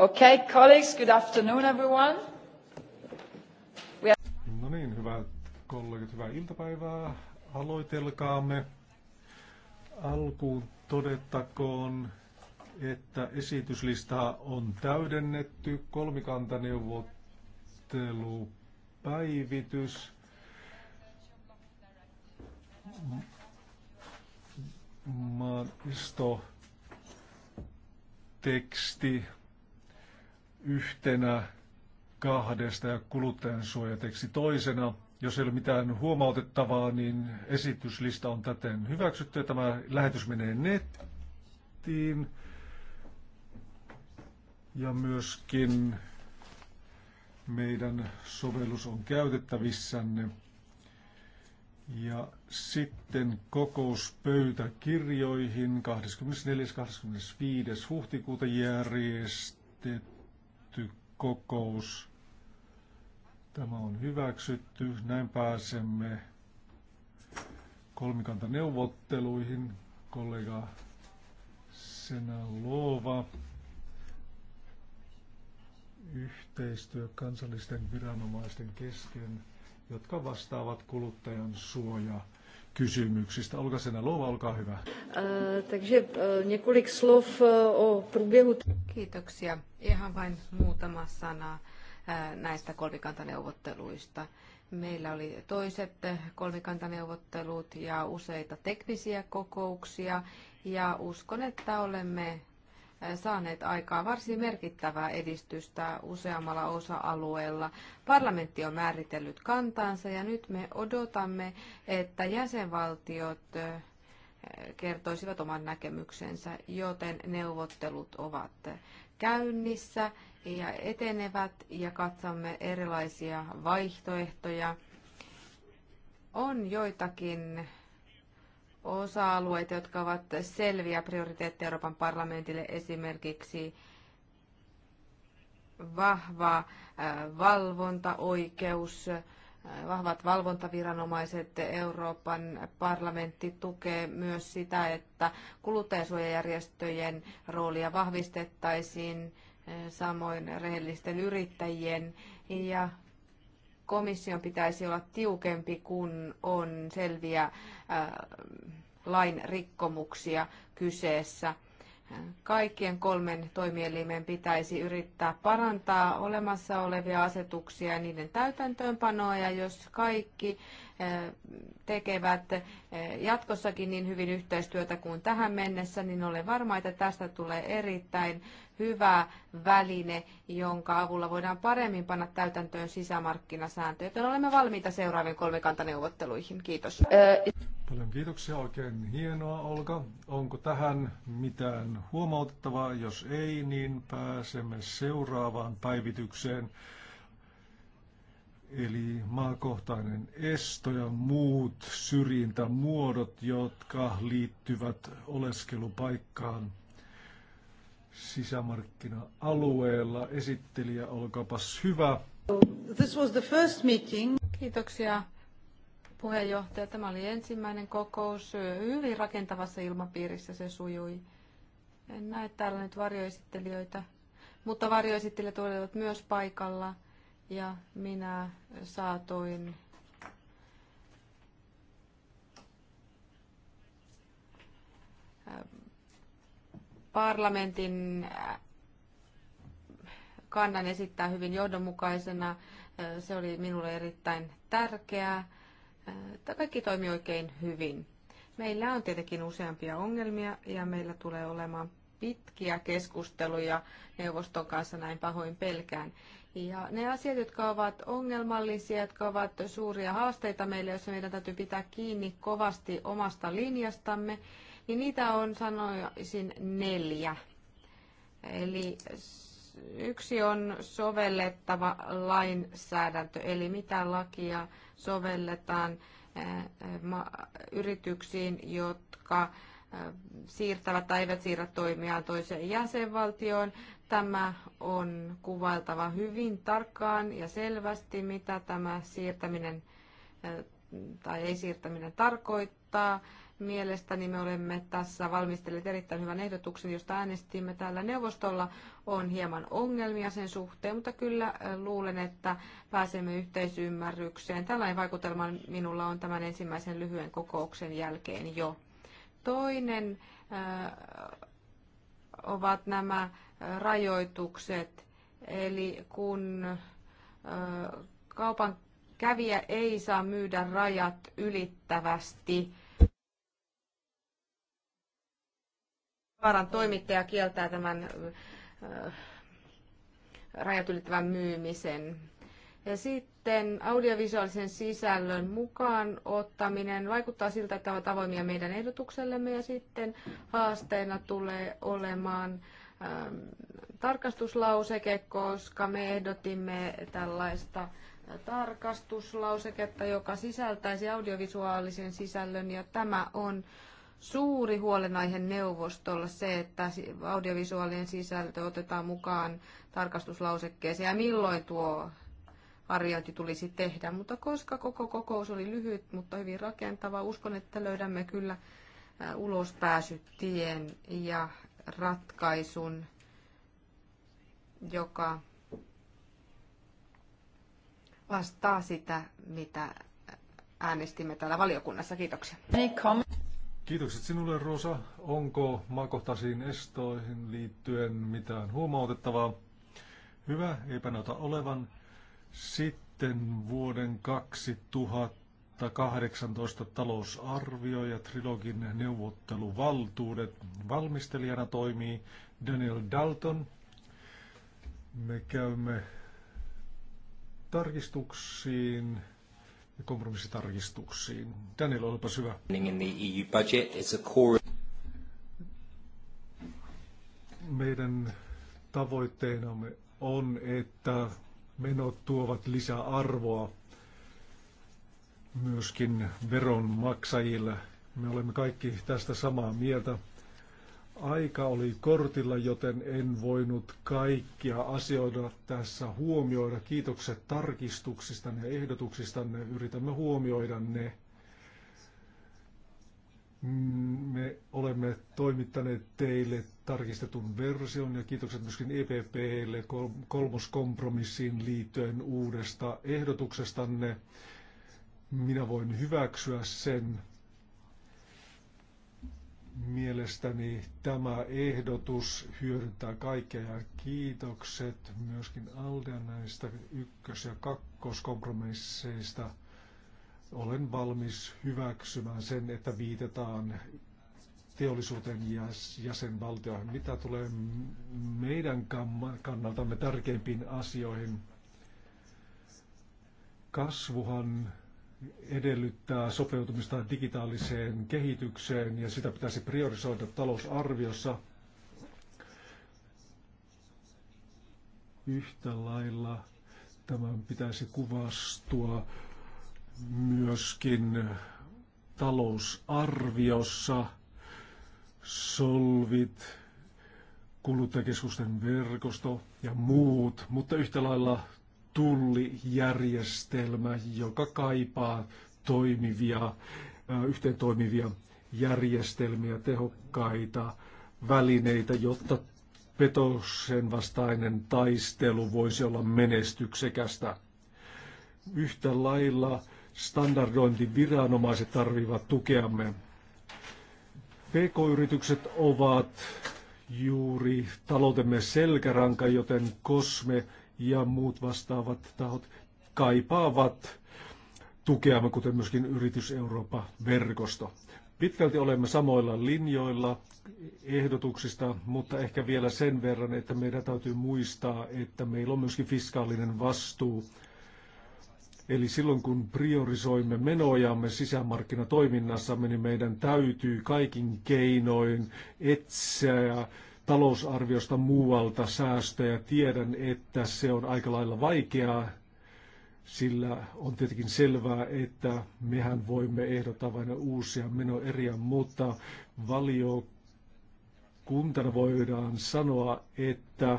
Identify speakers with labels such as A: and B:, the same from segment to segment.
A: Okay, colleagues, good afternoon everyone.
B: Are... No niin, hyvät kollegat, hyvää iltapäivää. Aloitelkaamme. Alkuun todettakoon, että esityslistaa on täydennetty. Kolmikantaneuvottelupäivitys. Maanisto teksti yhtenä kahdesta ja kuluttajansuojateksi toisena. Jos ei ole mitään huomautettavaa, niin esityslista on täten hyväksytty. Tämä lähetys menee nettiin ja myöskin meidän sovellus on käytettävissänne. Ja sitten kokouspöytäkirjoihin 24.-25. huhtikuuta järjestetty kokous. Tämä on hyväksytty. Näin pääsemme kolmikantaneuvotteluihin. Kollega Sena Loova. Yhteistyö kansallisten viranomaisten kesken, jotka vastaavat kuluttajan suojaa kysymyksistä. Olga lova olkaa hyvä.
A: Takže několik slov o průběhu. Kiitoksia. Ihan vain muutama sana näistä kolmikantaneuvotteluista. Meillä oli toiset kolmikantaneuvottelut ja useita teknisiä kokouksia ja uskon, että olemme saaneet aikaa varsin merkittävää edistystä useammalla osa-alueella. Parlamentti on määritellyt kantansa ja nyt me odotamme, että jäsenvaltiot kertoisivat oman näkemyksensä, joten neuvottelut ovat käynnissä ja etenevät ja katsomme erilaisia vaihtoehtoja. On joitakin osa-alueita, jotka ovat selviä prioriteetteja Euroopan parlamentille, esimerkiksi vahva äh, valvontaoikeus, äh, vahvat valvontaviranomaiset. Euroopan parlamentti tukee myös sitä, että kuluttajasuojajärjestöjen roolia vahvistettaisiin, äh, samoin rehellisten yrittäjien ja komission pitäisi olla tiukempi, kun on selviä äh, lain rikkomuksia kyseessä. Kaikkien kolmen toimielimen pitäisi yrittää parantaa olemassa olevia asetuksia ja niiden täytäntöönpanoa, ja jos kaikki tekevät eh, jatkossakin niin hyvin yhteistyötä kuin tähän mennessä, niin olen varma, että tästä tulee erittäin hyvä väline, jonka avulla voidaan paremmin panna täytäntöön sisämarkkinasääntöjä. Joten olemme valmiita seuraaviin kolmikantaneuvotteluihin. Kiitos. Eh,
B: Paljon kiitoksia. Oikein hienoa, Olga. Onko tähän mitään huomautettavaa? Jos ei, niin pääsemme seuraavaan päivitykseen eli maakohtainen esto ja muut syrjintämuodot, jotka liittyvät oleskelupaikkaan sisämarkkina-alueella. Esittelijä, olkaapas hyvä.
A: This was the first meeting. Kiitoksia puheenjohtaja. Tämä oli ensimmäinen kokous. Hyvin rakentavassa ilmapiirissä se sujui. En näe täällä nyt varjoesittelijöitä, mutta varjoesittelijät olivat myös paikalla – ja minä saatoin parlamentin kannan esittää hyvin johdonmukaisena. Se oli minulle erittäin tärkeää. Kaikki toimi oikein hyvin. Meillä on tietenkin useampia ongelmia ja meillä tulee olemaan pitkiä keskusteluja neuvoston kanssa, näin pahoin pelkään. Ja ne asiat, jotka ovat ongelmallisia, jotka ovat suuria haasteita meille, joissa meidän täytyy pitää kiinni kovasti omasta linjastamme, niin niitä on sanoisin neljä. Eli yksi on sovellettava lainsäädäntö, eli mitä lakia sovelletaan eh, yrityksiin, jotka eh, siirtävät tai eivät siirrä toimiaan toiseen jäsenvaltioon. Tämä on kuvailtava hyvin tarkkaan ja selvästi, mitä tämä siirtäminen tai ei-siirtäminen tarkoittaa. Mielestäni me olemme tässä valmistelleet erittäin hyvän ehdotuksen, josta äänestimme täällä neuvostolla. On hieman ongelmia sen suhteen, mutta kyllä luulen, että pääsemme yhteisymmärrykseen. Tällainen vaikutelma minulla on tämän ensimmäisen lyhyen kokouksen jälkeen jo. Toinen äh, ovat nämä rajoitukset. Eli kun kaupan kävijä ei saa myydä rajat ylittävästi, vaaran toimittaja kieltää tämän rajat ylittävän myymisen. Ja sitten audiovisuaalisen sisällön mukaan ottaminen vaikuttaa siltä, että ovat avoimia meidän ehdotuksellemme ja sitten haasteena tulee olemaan Ähm, tarkastuslauseke, koska me ehdotimme tällaista tarkastuslauseketta, joka sisältäisi audiovisuaalisen sisällön, ja tämä on suuri huolenaihe neuvostolla se, että audiovisuaalinen sisältö otetaan mukaan tarkastuslausekkeeseen ja milloin tuo arviointi tulisi tehdä. Mutta koska koko kokous oli lyhyt, mutta hyvin rakentava, uskon, että löydämme kyllä äh, ulospääsytien ja ratkaisun, joka vastaa sitä, mitä äänestimme täällä valiokunnassa. Kiitoksia.
B: Kiitokset sinulle, Rosa. Onko maakohtaisiin estoihin liittyen mitään huomautettavaa? Hyvä, eipä näytä olevan. Sitten vuoden 2000 2018 talousarvio ja trilogin neuvotteluvaltuudet. Valmistelijana toimii Daniel Dalton. Me käymme tarkistuksiin ja kompromissitarkistuksiin. Daniel, olipa hyvä.
A: E
B: Meidän tavoitteenamme on, että menot tuovat lisää arvoa myöskin veronmaksajille. Me olemme kaikki tästä samaa mieltä. Aika oli kortilla, joten en voinut kaikkia asioita tässä huomioida. Kiitokset tarkistuksista ja ehdotuksistanne. Yritämme huomioida ne. Me olemme toimittaneet teille tarkistetun version ja kiitokset myöskin EPPlle kolmoskompromissiin liittyen uudesta ehdotuksestanne. Minä voin hyväksyä sen. Mielestäni tämä ehdotus hyödyntää kaikkea ja kiitokset myöskin Aldean näistä ykkös- ja kakkoskompromisseista. Olen valmis hyväksymään sen, että viitataan teollisuuteen ja jäsenvaltioihin. Mitä tulee meidän kannaltamme tärkeimpiin asioihin? Kasvuhan edellyttää sopeutumista digitaaliseen kehitykseen ja sitä pitäisi priorisoida talousarviossa. Yhtä lailla tämän pitäisi kuvastua myöskin talousarviossa solvit, kuluttajakeskusten verkosto ja muut, mutta yhtä lailla tullijärjestelmä, joka kaipaa toimivia, yhteen toimivia järjestelmiä, tehokkaita välineitä, jotta petoksen vastainen taistelu voisi olla menestyksekästä. Yhtä lailla standardointiviranomaiset tarvivat tukeamme. PK-yritykset ovat juuri taloutemme selkäranka, joten Kosme ja muut vastaavat tahot kaipaavat tukea, kuten myöskin Yritys Eurooppa-verkosto. Pitkälti olemme samoilla linjoilla ehdotuksista, mutta ehkä vielä sen verran, että meidän täytyy muistaa, että meillä on myöskin fiskaalinen vastuu. Eli silloin kun priorisoimme menojamme sisämarkkinatoiminnassamme, niin meidän täytyy kaikin keinoin etsiä talousarviosta muualta säästöjä. Tiedän, että se on aika lailla vaikeaa, sillä on tietenkin selvää, että mehän voimme ehdottaa vain uusia menoeriä, mutta valiokuntana voidaan sanoa, että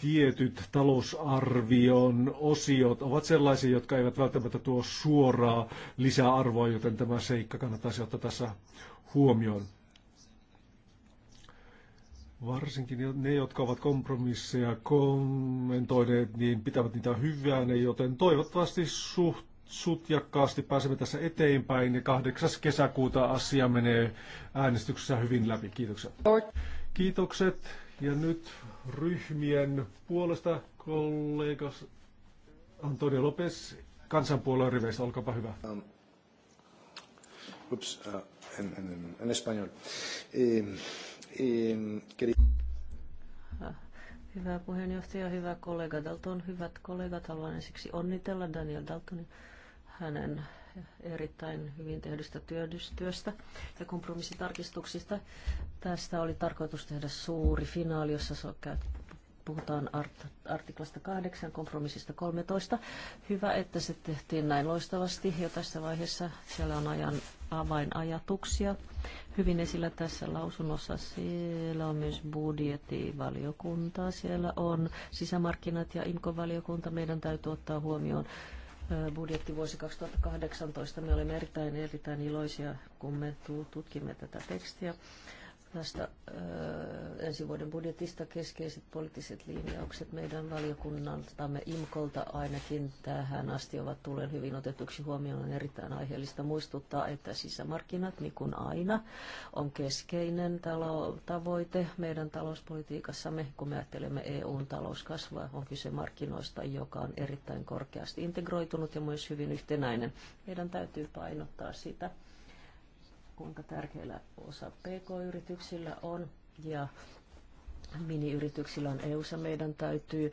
B: tietyt talousarvion osiot ovat sellaisia, jotka eivät välttämättä tuo suoraa lisäarvoa, joten tämä seikka kannattaisi ottaa tässä huomioon. Varsinkin ne, jotka ovat kompromisseja kommentoineet, niin pitävät niitä hyvänä, joten toivottavasti suht sutjakkaasti pääsemme tässä eteenpäin ja 8. kesäkuuta asia menee äänestyksessä hyvin läpi. Kiitokset. Kiitokset ja nyt ryhmien puolesta kollega Antonio Lopes kansanpuolueen riveistä, olkaapa hyvä. Um, ups, uh, en, en, en, en
C: Hyvä puheenjohtaja, hyvä kollega Dalton, hyvät kollegat. Haluan ensiksi onnitella Daniel Daltonin hänen erittäin hyvin tehdystä työstä ja kompromissitarkistuksista. Tästä oli tarkoitus tehdä suuri finaali, jossa puhutaan art, artiklasta 8, kompromissista 13. Hyvä, että se tehtiin näin loistavasti jo tässä vaiheessa. Siellä on ajan avainajatuksia hyvin esillä tässä lausunnossa. Siellä on myös budjettivaliokunta, siellä on sisämarkkinat ja imkovaliokunta. valiokunta Meidän täytyy ottaa huomioon budjetti vuosi 2018. Me olemme erittäin, erittäin iloisia, kun me tutkimme tätä tekstiä tästä ö, ensi vuoden budjetista keskeiset poliittiset linjaukset meidän valiokunnaltamme IMKolta ainakin tähän asti ovat tulleet hyvin otetuksi huomioon. On erittäin aiheellista muistuttaa, että sisämarkkinat, niin kuin aina, on keskeinen talo- tavoite meidän talouspolitiikassamme, kun me ajattelemme EUn talouskasvua. On kyse markkinoista, joka on erittäin korkeasti integroitunut ja myös hyvin yhtenäinen. Meidän täytyy painottaa sitä kuinka tärkeillä osa PK-yrityksillä on ja miniyrityksillä on EU-ssa. Meidän täytyy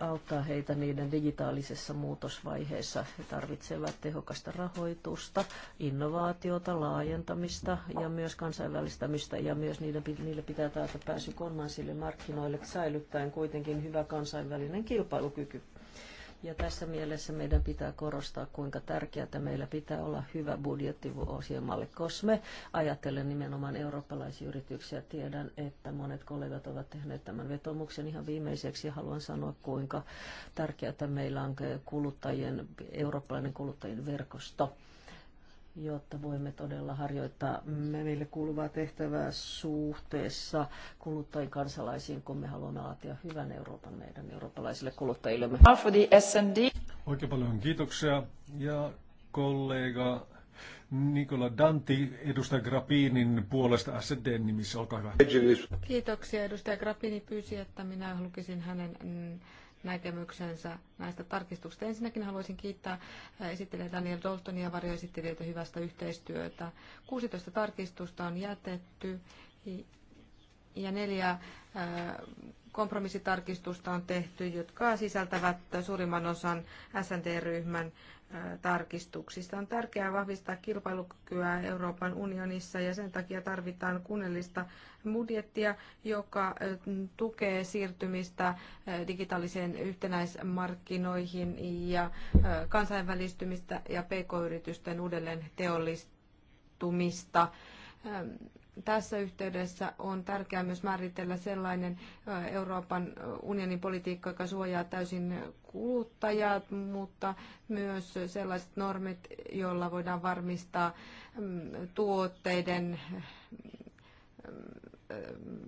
C: auttaa heitä niiden digitaalisessa muutosvaiheessa. He tarvitsevat tehokasta rahoitusta, innovaatiota, laajentamista ja myös kansainvälistämistä. Ja myös niiden, niille pitää taata pääsy kolmansille markkinoille säilyttäen kuitenkin hyvä kansainvälinen kilpailukyky. Ja tässä mielessä meidän pitää korostaa, kuinka tärkeää meillä pitää olla hyvä koska Kosme. Ajattelen nimenomaan eurooppalaisia yrityksiä. Tiedän, että monet kollegat ovat tehneet tämän vetomuksen ihan viimeiseksi. Haluan sanoa, kuinka tärkeää meillä on kuluttajien, eurooppalainen kuluttajien verkosto jotta voimme todella harjoittaa meille kuuluvaa tehtävää suhteessa kuluttajien kansalaisiin, kun me haluamme laatia hyvän Euroopan meidän eurooppalaisille kuluttajillemme.
B: Oikein paljon kiitoksia ja kollega Nikola Danti edustaja Grappinin puolesta SDn nimissä, olkaa hyvä.
A: Kiitoksia. Edustaja Grappini pyysi, että minä lukisin hänen näkemyksensä näistä tarkistuksista. Ensinnäkin haluaisin kiittää esittelijä Daniel Daltonia ja varjoesittelijöitä hyvästä yhteistyötä. 16 tarkistusta on jätetty ja neljä kompromissitarkistusta on tehty, jotka sisältävät suurimman osan SND-ryhmän tarkistuksista. On tärkeää vahvistaa kilpailukykyä Euroopan unionissa ja sen takia tarvitaan kunnellista budjettia, joka tukee siirtymistä digitaaliseen yhtenäismarkkinoihin ja kansainvälistymistä ja pk-yritysten uudelleen teollistumista tässä yhteydessä on tärkeää myös määritellä sellainen Euroopan unionin politiikka, joka suojaa täysin kuluttajat, mutta myös sellaiset normit, joilla voidaan varmistaa mm, tuotteiden mm,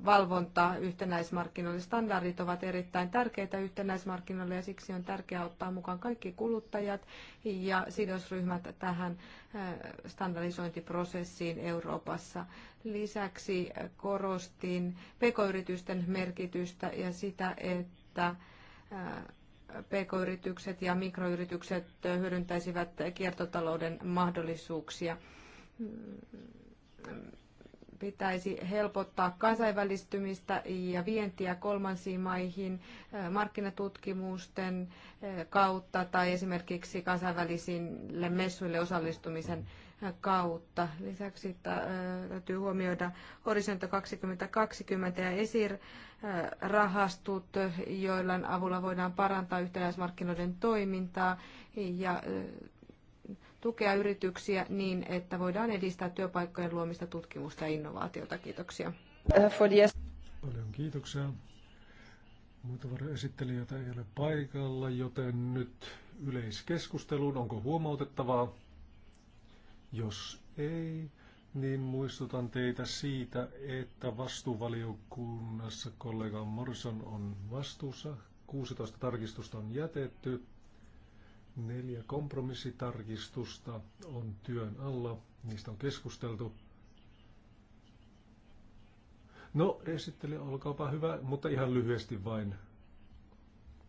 A: valvonta, yhtenäismarkkinoille, standardit ovat erittäin tärkeitä yhtenäismarkkinoille ja siksi on tärkeää ottaa mukaan kaikki kuluttajat ja sidosryhmät tähän standardisointiprosessiin Euroopassa. Lisäksi korostin pk-yritysten merkitystä ja sitä, että pk-yritykset ja mikroyritykset hyödyntäisivät kiertotalouden mahdollisuuksia pitäisi helpottaa kansainvälistymistä ja vientiä kolmansiin maihin eh, markkinatutkimusten eh, kautta tai esimerkiksi kansainvälisille messuille osallistumisen eh, kautta. Lisäksi täytyy huomioida Horisonto 2020 ja ESIR-rahastut, joilla avulla voidaan parantaa yhtenäismarkkinoiden toimintaa ja tukea yrityksiä niin, että voidaan edistää työpaikkojen luomista tutkimusta ja innovaatiota. Kiitoksia.
B: Paljon kiitoksia. Muita esittelijöitä ei ole paikalla, joten nyt yleiskeskusteluun. Onko huomautettavaa? Jos ei, niin muistutan teitä siitä, että vastuuvaliokunnassa kollega Morrison on vastuussa. 16 tarkistusta on jätetty. Neljä kompromissitarkistusta on työn alla. Niistä on keskusteltu. No, esittely, olkaapa hyvä, mutta ihan lyhyesti vain.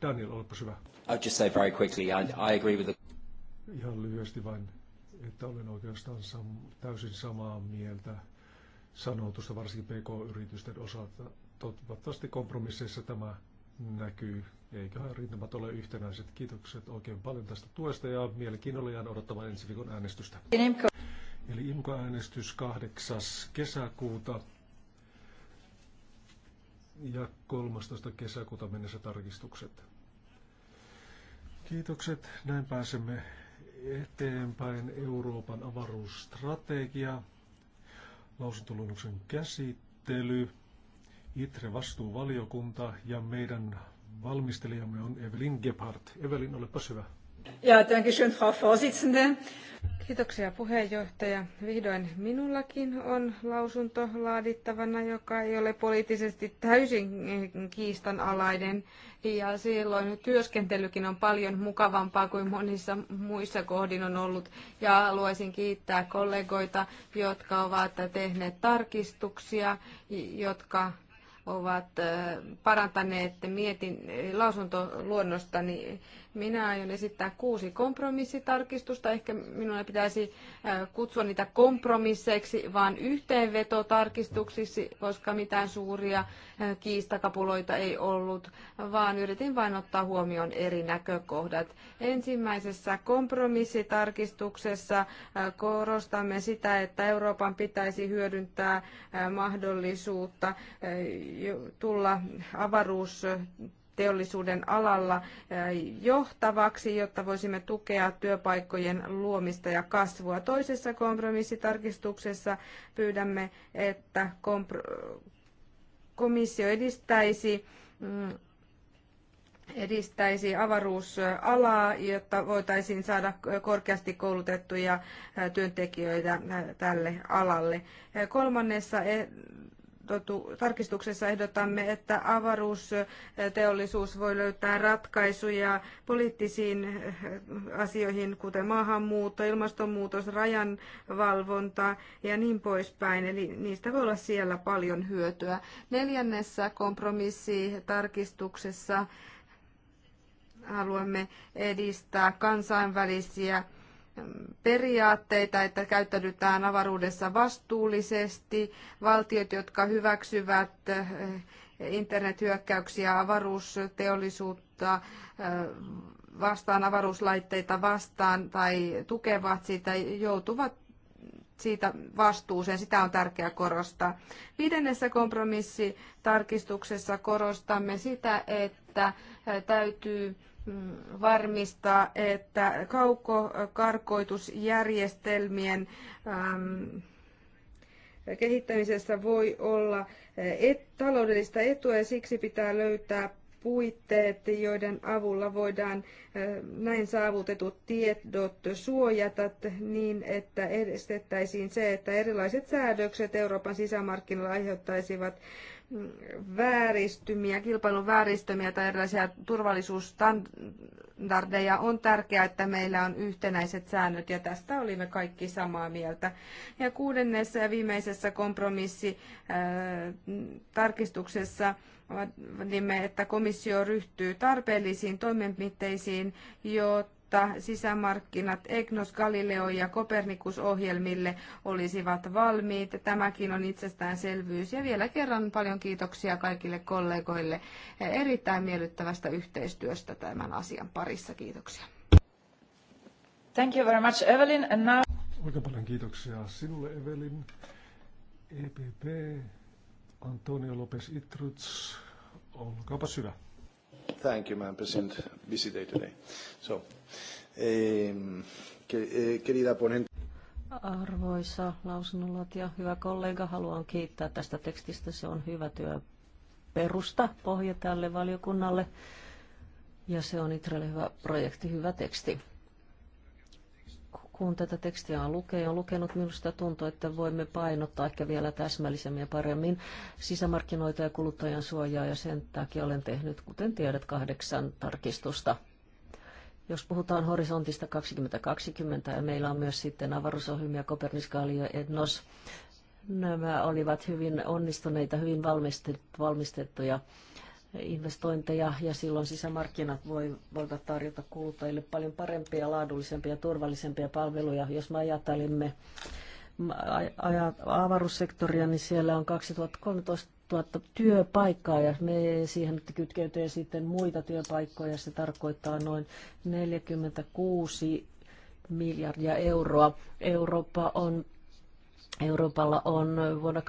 B: Daniel, olepa hyvä.
D: I'll just say very quickly, I, I agree with the...
B: Ihan lyhyesti vain, että olen oikeastaan sam- täysin samaa mieltä sanotusta, varsinkin PK-yritysten osalta. Toivottavasti kompromisseissa tämä näkyy Eiköhän rintamat ole yhtenäiset. Kiitokset oikein paljon tästä tuesta ja mielenkiinnolla jään odottamaan ensi viikon äänestystä. Eli IMKO-äänestys 8. kesäkuuta ja 13. kesäkuuta mennessä tarkistukset. Kiitokset. Näin pääsemme eteenpäin Euroopan avaruusstrategia, lausuntoluonnoksen käsittely, ITRE vastuuvaliokunta ja meidän valmistelijamme on Evelyn Gebhardt. Evelyn, olepa hyvä.
A: Ja, danke schön, Frau Vorsitzende. Kiitoksia puheenjohtaja. Vihdoin minullakin on lausunto laadittavana, joka ei ole poliittisesti täysin eh, kiistanalainen. Ja silloin työskentelykin on paljon mukavampaa kuin monissa muissa kohdin on ollut. Ja haluaisin kiittää kollegoita, jotka ovat tehneet tarkistuksia, jotka ovat äh, parantaneet mietin lausuntoluonnostani minä aion esittää kuusi kompromissitarkistusta. Ehkä minun ei pitäisi kutsua niitä kompromisseiksi, vaan yhteenvetotarkistuksiksi, koska mitään suuria kiistakapuloita ei ollut, vaan yritin vain ottaa huomioon eri näkökohdat. Ensimmäisessä kompromissitarkistuksessa korostamme sitä, että Euroopan pitäisi hyödyntää mahdollisuutta tulla avaruus teollisuuden alalla eh, johtavaksi, jotta voisimme tukea työpaikkojen luomista ja kasvua. Toisessa kompromissitarkistuksessa pyydämme, että komissio edistäisi mm, edistäisi avaruusalaa, jotta voitaisiin saada korkeasti koulutettuja eh, työntekijöitä eh, tälle alalle. Kolmannessa tarkistuksessa ehdotamme, että avaruusteollisuus voi löytää ratkaisuja poliittisiin eh, asioihin, kuten maahanmuutto, ilmastonmuutos, rajanvalvonta ja niin poispäin. Eli niistä voi olla siellä paljon hyötyä. Neljännessä kompromissitarkistuksessa haluamme edistää kansainvälisiä periaatteita, että käyttäydytään avaruudessa vastuullisesti. Valtiot, jotka hyväksyvät eh, internethyökkäyksiä, avaruusteollisuutta eh, vastaan, avaruuslaitteita vastaan tai tukevat sitä, joutuvat siitä vastuuseen. Sitä on tärkeää korostaa. Viidennessä kompromissitarkistuksessa korostamme sitä, että eh, täytyy varmistaa, että kaukokarkoitusjärjestelmien ähm, kehittämisessä voi olla eh, et, taloudellista etua ja siksi pitää löytää puitteet, joiden avulla voidaan eh, näin saavutetut tiedot suojata niin, että estettäisiin se, että erilaiset säädökset Euroopan sisämarkkinoilla aiheuttaisivat vääristymiä, kilpailun vääristymiä tai erilaisia
E: turvallisuusstandardeja,
A: on tärkeää, että meillä on yhtenäiset säännöt ja tästä olimme kaikki samaa mieltä. Ja kuudennessa ja viimeisessä kompromissitarkistuksessa äh, vaadimme, että komissio ryhtyy tarpeellisiin toimenpiteisiin, jotta jotta sisämarkkinat Egnos, Galileo ja Kopernikus ohjelmille olisivat valmiit. Tämäkin on itsestäänselvyys ja vielä kerran paljon kiitoksia kaikille kollegoille erittäin miellyttävästä yhteistyöstä tämän asian parissa. Kiitoksia. Thank you very much,
E: Evelyn. And now...
B: Oikein paljon kiitoksia sinulle, Evelyn. EPP, Antonio Lopez Itruts, olkaapa syvä.
A: Thank you, Madam President. Busy day today. So, eh,
D: querida ponente.
C: Arvoisa ja hyvä kollega, haluan kiittää tästä tekstistä. Se on hyvä työ perusta, pohja tälle valiokunnalle. Ja se on Itrelle hyvä projekti, hyvä teksti kun tätä tekstiä on lukee, on lukenut, minusta tuntuu, että voimme painottaa ehkä vielä täsmällisemmin ja paremmin sisämarkkinoita ja kuluttajan suojaa, ja sen takia olen tehnyt, kuten tiedät, kahdeksan tarkistusta. Jos puhutaan horisontista 2020, ja meillä on myös sitten avaruusohjelmia Koperniskaali ja Ednos, nämä olivat hyvin onnistuneita, hyvin valmistettuja investointeja ja silloin sisämarkkinat voi, voivat tarjota kuluttajille paljon parempia, laadullisempia ja turvallisempia palveluja. Jos me ajattelemme avaruussektoria, niin siellä on 2013 000 työpaikkaa ja me siihen kytkeytyy sitten muita työpaikkoja. Se tarkoittaa noin 46 miljardia euroa. Eurooppa on Euroopalla on vuonna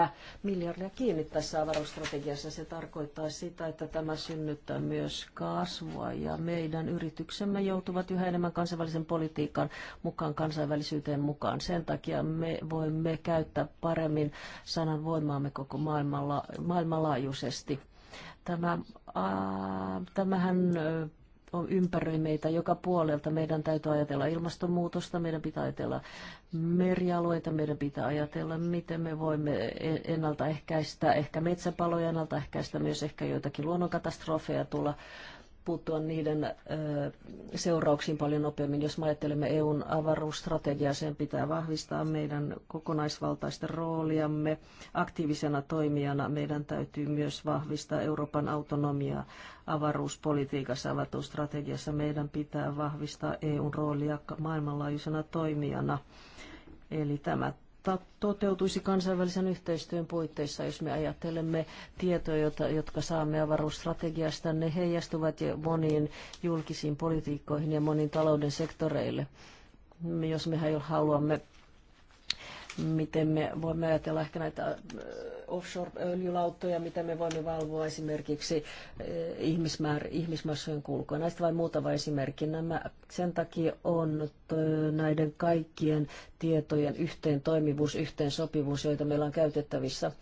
C: 2014-2020 miljardia kiinni tässä avaruusstrategiassa. Se tarkoittaa sitä, että tämä synnyttää myös kasvua ja meidän yrityksemme joutuvat yhä enemmän kansainvälisen politiikan mukaan kansainvälisyyteen mukaan. Sen takia me voimme käyttää paremmin sanan voimaamme koko maailmalla, maailmanlaajuisesti. Tämä, ää, tämähän on ympäröi meitä joka puolelta. Meidän täytyy ajatella ilmastonmuutosta, meidän pitää ajatella merialueita, meidän pitää ajatella, miten me voimme ennaltaehkäistä ehkä metsäpaloja, ennaltaehkäistä myös ehkä joitakin luonnonkatastrofeja tulla puuttua niiden seurauksiin paljon nopeammin. Jos me ajattelemme EUn avaruusstrategiaa, sen pitää vahvistaa meidän kokonaisvaltaista rooliamme aktiivisena toimijana. Meidän täytyy myös vahvistaa Euroopan autonomiaa avaruuspolitiikassa, avaruusstrategiassa. Meidän pitää vahvistaa EUn roolia maailmanlaajuisena toimijana. Eli tämä toteutuisi kansainvälisen yhteistyön puitteissa, jos me ajattelemme tietoja, jotka saamme avaruusstrategiasta, ne heijastuvat jo moniin julkisiin politiikkoihin ja moniin talouden sektoreille. Jos me haluamme miten me voimme ajatella ehkä näitä äh, offshore-öljylauttoja, miten me voimme valvoa esimerkiksi äh, ihmismäär, ihmismassojen kulkua. Näistä vain muutama esimerkki. Nämä, sen takia on äh, näiden kaikkien tietojen yhteen toimivuus, yhteen sopivuus, joita meillä on käytettävissä.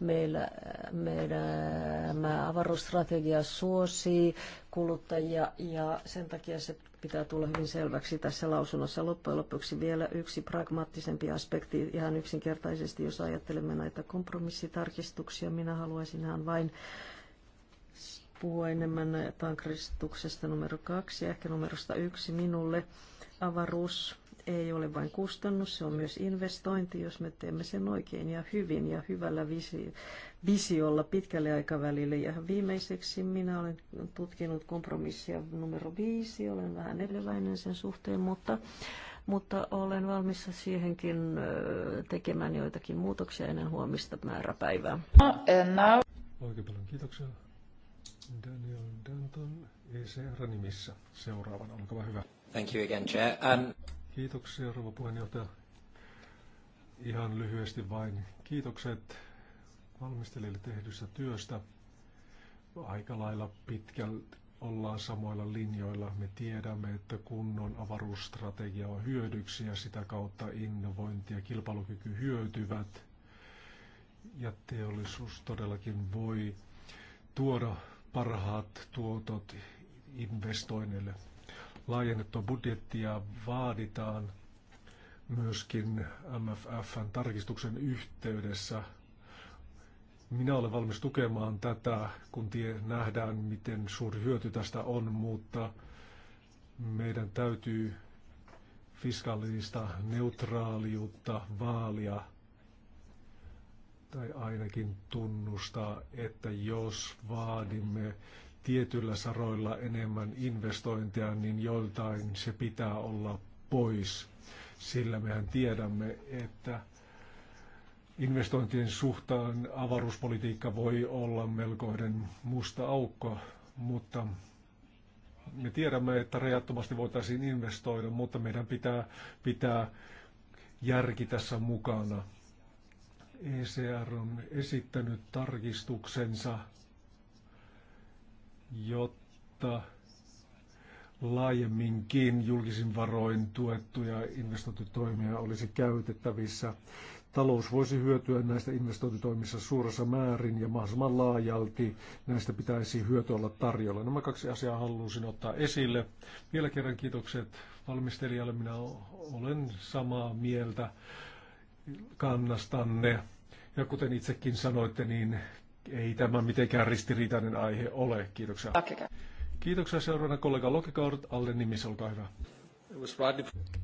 C: Meillä, meidän avaruusstrategia suosii kuluttajia ja sen takia se pitää tulla hyvin selväksi tässä lausunnossa. Loppujen lopuksi vielä yksi pragmaattisempi aspekti ihan yksinkertaisesti, jos ajattelemme näitä kompromissitarkistuksia. Minä haluaisin ihan vain puhua enemmän tankristuksesta numero kaksi ja ehkä numerosta yksi minulle. Avaruus ei ole vain kustannus, se on myös investointi, jos me teemme sen oikein ja hyvin ja hyvällä visi, visiolla pitkälle aikavälille. Ja viimeiseksi minä olen tutkinut kompromissia numero viisi, olen vähän erilainen sen suhteen, mutta, mutta olen valmis siihenkin tekemään joitakin muutoksia ennen huomista määräpäivää.
B: No, oikein paljon kiitoksia. Daniel Danton, ECR nimissä. Seuraavana, olkaa hyvä. Thank you again, Chair. Um... Kiitoksia, rouva puheenjohtaja. Ihan lyhyesti vain kiitokset valmistelijalle tehdystä työstä. Aika lailla pitkälti ollaan samoilla linjoilla. Me tiedämme, että kunnon avaruusstrategia on hyödyksi ja sitä kautta innovointi ja kilpailukyky hyötyvät. Ja teollisuus todellakin voi tuoda parhaat tuotot investoinneille laajennettua budjettia vaaditaan myöskin MFFn tarkistuksen yhteydessä. Minä olen valmis tukemaan tätä, kun tie nähdään, miten suuri hyöty tästä on, mutta meidän täytyy fiskaalista neutraaliutta vaalia tai ainakin tunnustaa, että jos vaadimme tietyillä saroilla enemmän investointeja, niin joiltain se pitää olla pois. Sillä mehän tiedämme, että investointien suhtaan avaruuspolitiikka voi olla melkoinen musta aukko, mutta me tiedämme, että rajattomasti voitaisiin investoida, mutta meidän pitää pitää järki tässä mukana. ECR on esittänyt tarkistuksensa jotta laajemminkin julkisin varoin tuettuja investointitoimia olisi käytettävissä. Talous voisi hyötyä näistä investointitoimissa suuressa määrin ja mahdollisimman laajalti näistä pitäisi hyötyä olla tarjolla. Nämä kaksi asiaa halusin ottaa esille. Vielä kerran kiitokset valmistelijalle. Minä olen samaa mieltä kannastanne. Ja kuten itsekin sanoitte, niin ei tämä mitenkään ristiriitainen aihe ole. Kiitoksia. Kiitoksia seuraavana kollega Lokikaurt. Alle nimissä, olkaa hyvä.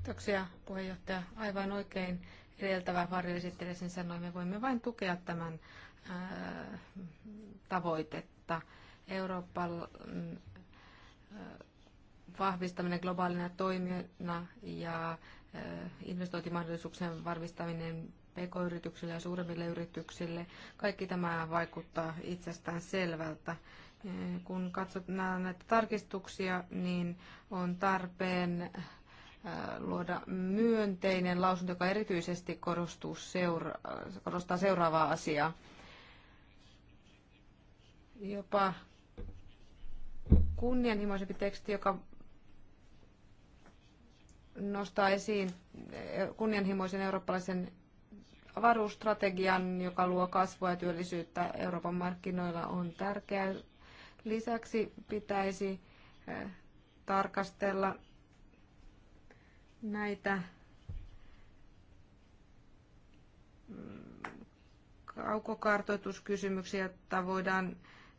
A: Kiitoksia puheenjohtaja. Aivan oikein edeltävä varjoesittelijä sen sanoi, me voimme vain tukea tämän äh, tavoitetta. Euroopan äh, vahvistaminen globaalina toimijana ja äh, investointimahdollisuuksien varmistaminen pk-yrityksille ja suuremmille yrityksille. Kaikki tämä vaikuttaa itsestään selvältä. Kun katsot näitä tarkistuksia, niin on tarpeen luoda myönteinen lausunto, joka erityisesti korostuu seura- korostaa seuraavaa asiaa. Jopa kunnianhimoisempi teksti, joka nostaa esiin kunnianhimoisen eurooppalaisen avaruusstrategian, joka luo kasvua ja työllisyyttä Euroopan markkinoilla, on tärkeää. Lisäksi pitäisi eh, tarkastella näitä mm, kaukokartoituskysymyksiä, että voidaan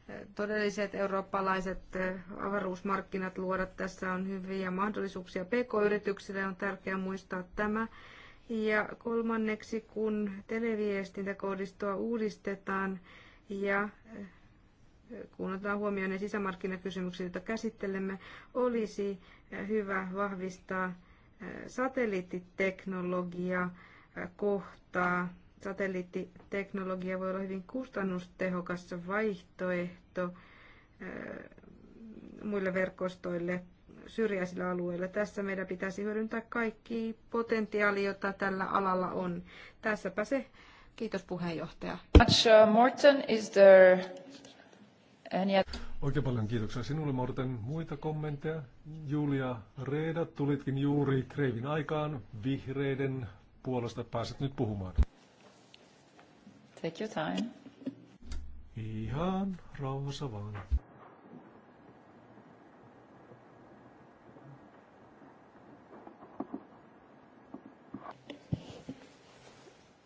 A: eh, todelliset eurooppalaiset eh, avaruusmarkkinat luoda. Tässä on hyviä mahdollisuuksia pk-yrityksille. On tärkeää muistaa tämä. Ja kolmanneksi, kun televiestintäkoodistoa uudistetaan ja äh, kun otetaan huomioon ne sisämarkkinakysymykset, joita käsittelemme, olisi äh, hyvä vahvistaa äh, satelliittiteknologia kohtaa. Satelliittiteknologia voi olla hyvin kustannustehokas vaihtoehto muille verkostoille syrjäisillä alueilla. Tässä meidän pitäisi hyödyntää kaikki potentiaali, jota tällä alalla on. Tässäpä se. Kiitos puheenjohtaja. Uh, Morten, is there
B: any... Oikein paljon kiitoksia sinulle, Morten. Muita kommentteja? Julia Reeda, tulitkin juuri kreivin aikaan. Vihreiden puolesta pääset nyt puhumaan. Take your time. Ihan rauhassa vaan.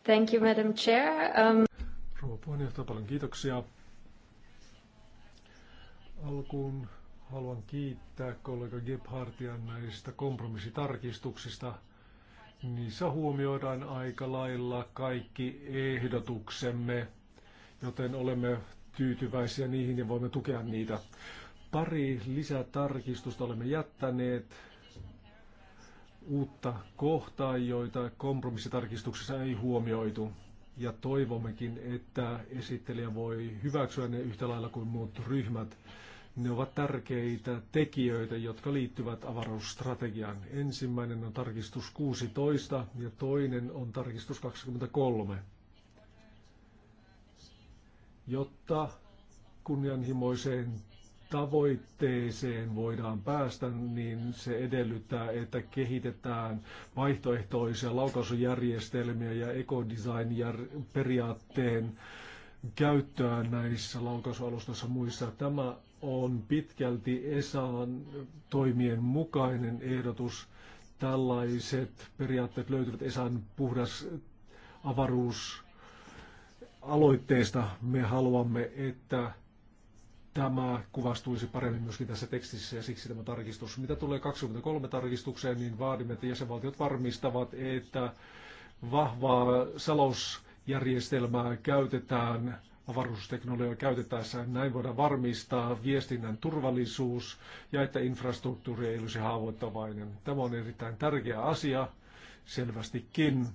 A: Thank you, Madam Chair. Um...
B: Rouva puheenjohtaja, paljon kiitoksia. Alkuun haluan kiittää kollega Gebhardia näistä kompromissitarkistuksista. Niissä huomioidaan aika lailla kaikki ehdotuksemme, joten olemme tyytyväisiä niihin ja voimme tukea niitä. Pari lisätarkistusta olemme jättäneet uutta kohtaa, joita kompromissitarkistuksessa ei huomioitu. Ja toivommekin, että esittelijä voi hyväksyä ne yhtä lailla kuin muut ryhmät. Ne ovat tärkeitä tekijöitä, jotka liittyvät avaruusstrategiaan. Ensimmäinen on tarkistus 16 ja toinen on tarkistus 23. Jotta kunnianhimoiseen tavoitteeseen voidaan päästä, niin se edellyttää, että kehitetään vaihtoehtoisia laukaisujärjestelmiä ja ekodesign-periaatteen käyttöä näissä laukaisualustoissa muissa. Tämä on pitkälti ESAan toimien mukainen ehdotus. Tällaiset periaatteet löytyvät ESAan puhdas avaruus aloitteesta. Me haluamme, että tämä kuvastuisi paremmin myöskin tässä tekstissä ja siksi tämä tarkistus. Mitä tulee 23 tarkistukseen, niin vaadimme, että jäsenvaltiot varmistavat, että vahvaa salousjärjestelmää käytetään avaruusteknologiaa käytettäessä. Näin voidaan varmistaa viestinnän turvallisuus ja että infrastruktuuri ei olisi haavoittavainen. Tämä on erittäin tärkeä asia selvästikin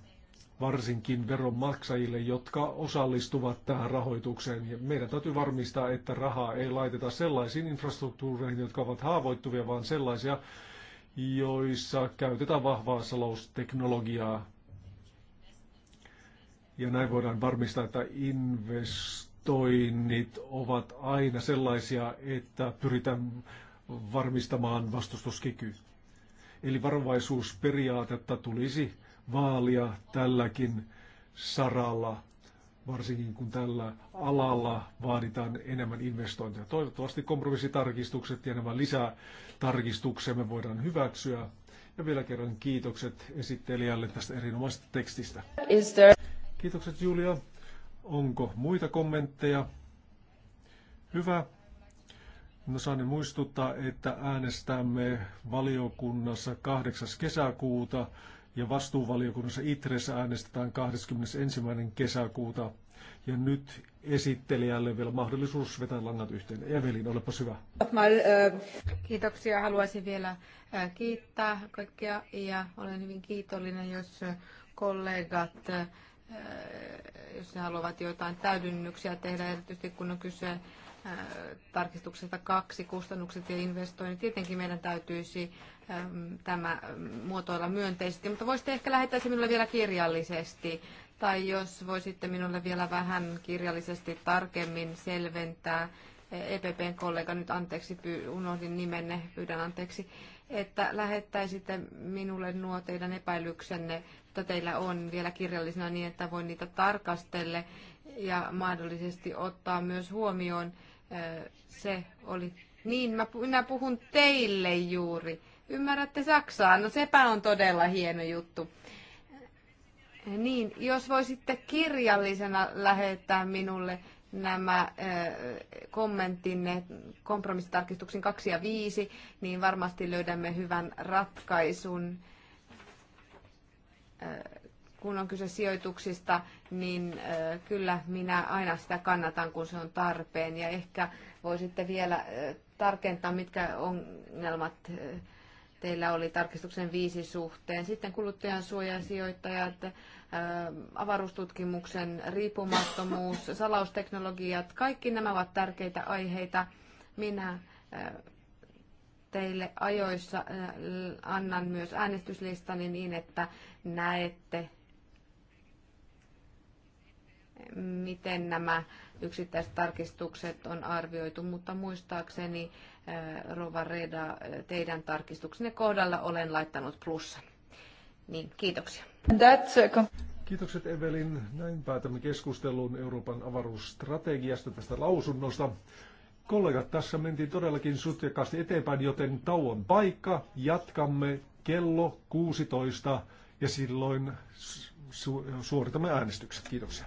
B: varsinkin veronmaksajille, jotka osallistuvat tähän rahoitukseen. Ja meidän täytyy varmistaa, että rahaa ei laiteta sellaisiin infrastruktuureihin, jotka ovat haavoittuvia, vaan sellaisia, joissa käytetään vahvaa salousteknologiaa. Ja näin voidaan varmistaa, että investoinnit ovat aina sellaisia, että pyritään varmistamaan vastustuskyky. Eli varovaisuusperiaatetta tulisi vaalia tälläkin saralla, varsinkin kun tällä alalla vaaditaan enemmän investointeja. Toivottavasti kompromissitarkistukset ja nämä lisätarkistuksemme voidaan hyväksyä. Ja vielä kerran kiitokset esittelijälle tästä erinomaisesta tekstistä. There... Kiitokset Julia. Onko muita kommentteja? Hyvä. No saan muistuttaa, että äänestämme valiokunnassa 8. kesäkuuta ja vastuuvaliokunnassa ITRESä äänestetään 21. kesäkuuta. Ja nyt esittelijälle vielä mahdollisuus vetää langat yhteen. Evelin, olepa hyvä.
A: Kiitoksia. Haluaisin vielä kiittää kaikkia ja olen hyvin kiitollinen, jos kollegat jos he haluavat jotain täydennyksiä tehdä, erityisesti kun on kyse tarkistuksesta kaksi, kustannukset ja investoinnit. Tietenkin meidän täytyisi tämä muotoilla myönteisesti, mutta voisitte ehkä lähettää se minulle vielä kirjallisesti. Tai jos voisitte minulle vielä vähän kirjallisesti tarkemmin selventää, EPPn kollega, nyt anteeksi, unohdin nimenne, pyydän anteeksi, että lähettäisitte minulle nuo teidän epäilyksenne, että teillä on vielä kirjallisena niin, että voin niitä tarkastella ja mahdollisesti ottaa myös huomioon. Se oli, niin, minä puhun teille juuri ymmärrätte Saksaa. No sepä on todella hieno juttu. Niin, jos voisitte kirjallisena lähettää minulle nämä kommenttinne kompromissitarkistuksen 2 ja 5, niin varmasti löydämme hyvän ratkaisun. Kun on kyse sijoituksista, niin kyllä minä aina sitä kannatan, kun se on tarpeen. Ja ehkä voisitte vielä tarkentaa, mitkä ongelmat teillä oli tarkistuksen viisi suhteen. Sitten kuluttajan suojasijoittajat, avaruustutkimuksen riippumattomuus, salausteknologiat, kaikki nämä ovat tärkeitä aiheita. Minä teille ajoissa annan myös äänestyslistani niin, että näette, miten nämä yksittäiset tarkistukset on arvioitu, mutta muistaakseni Rova Reda, teidän tarkistuksenne kohdalla olen laittanut plussa. Niin, kiitoksia.
B: That's Kiitokset Evelin. Näin päätämme keskustelun Euroopan avaruusstrategiasta tästä lausunnosta. Kollegat, tässä mentiin todellakin sutjakkaasti eteenpäin, joten tauon paikka. Jatkamme kello 16 ja silloin su- suoritamme äänestykset. Kiitoksia.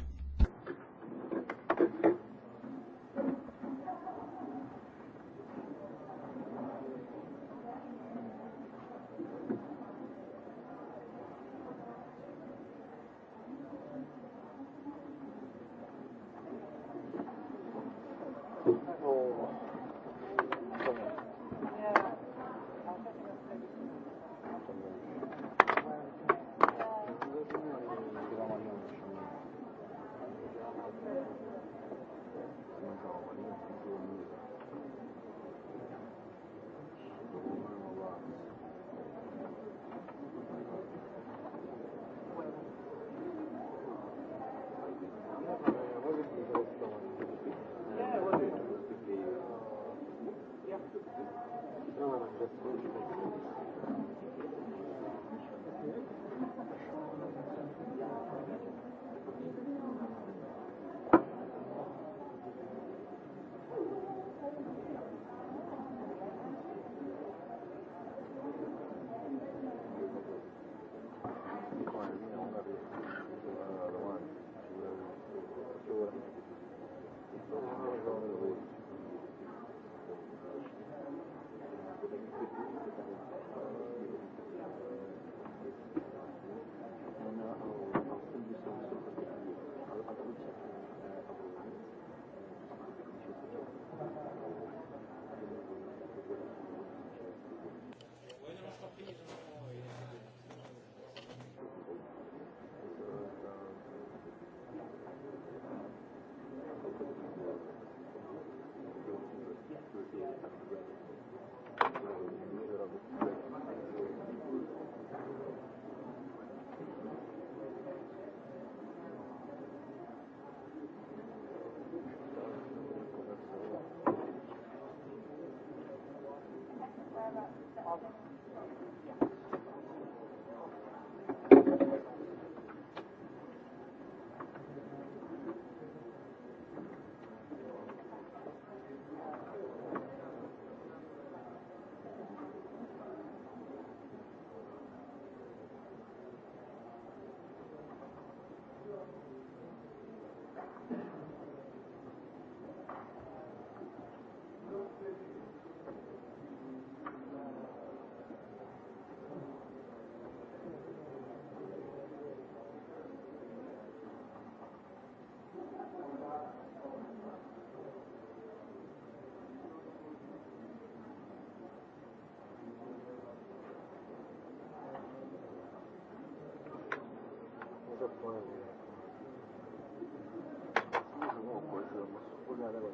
D: Japão.
E: Alguma coisa, mas olhar ela ali.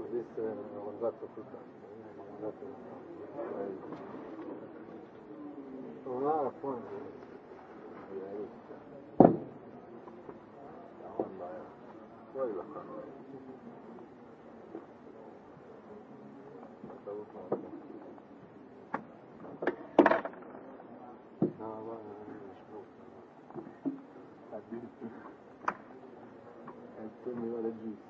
D: что здесь организация крутая. Она понял.
E: Addirittura. E poi mi va leggissimo.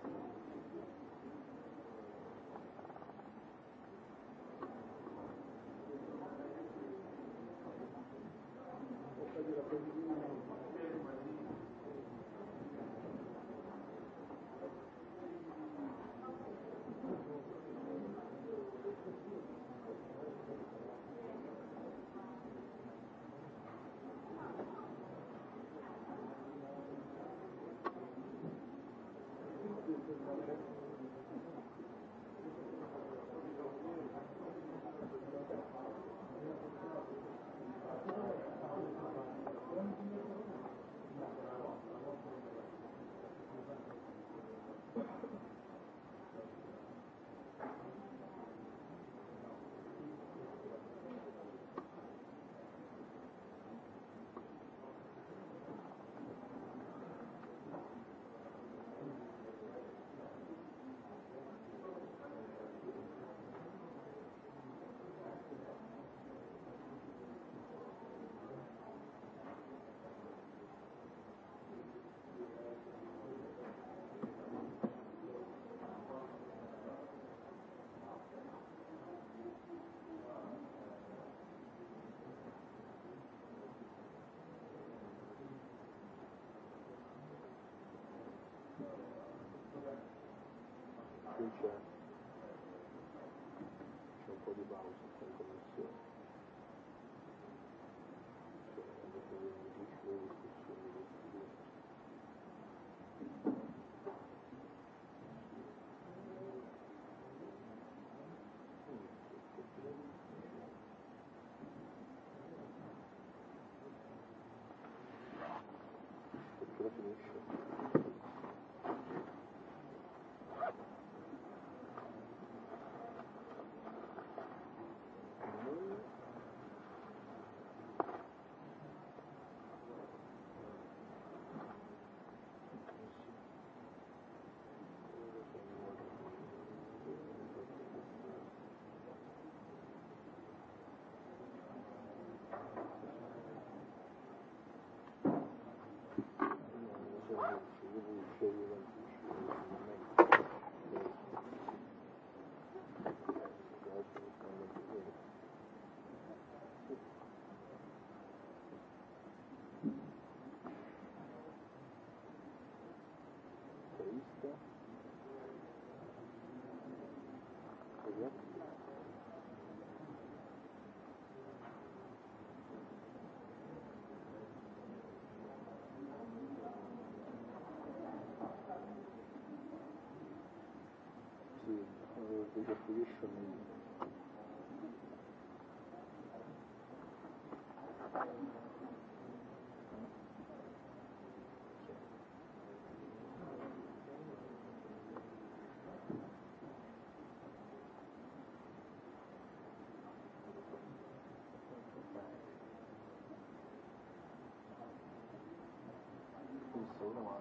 E: qui c'è, c'è un po' di pausa in connessione. Cioè, traditionally Thank you.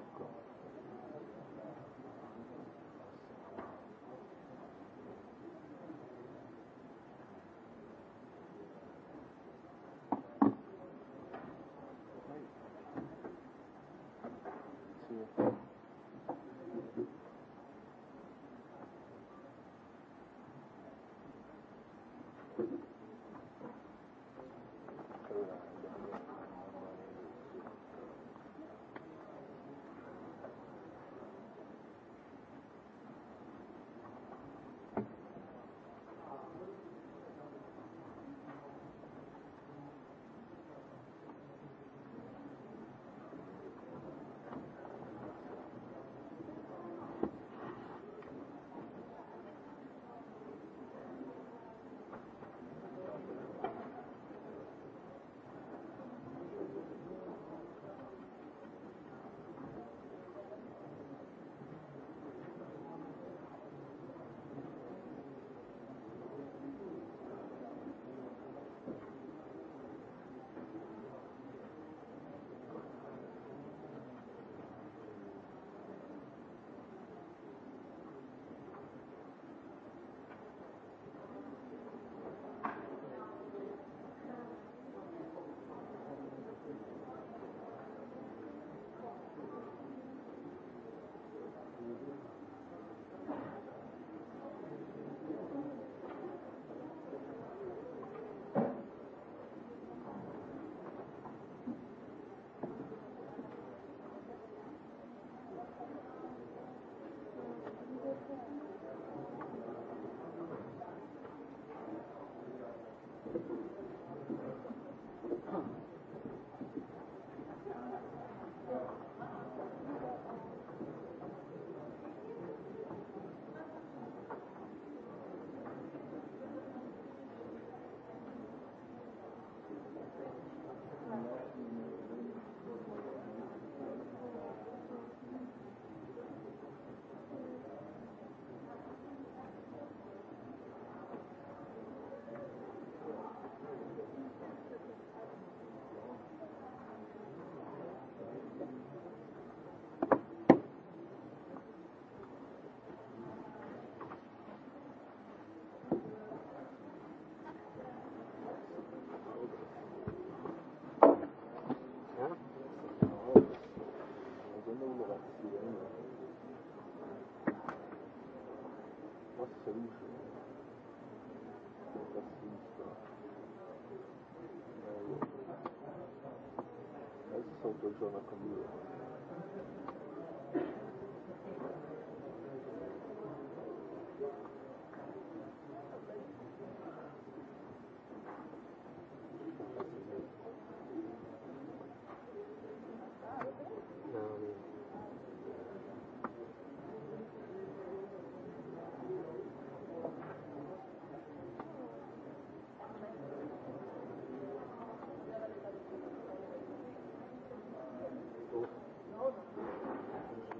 E: Dojo Nakamura.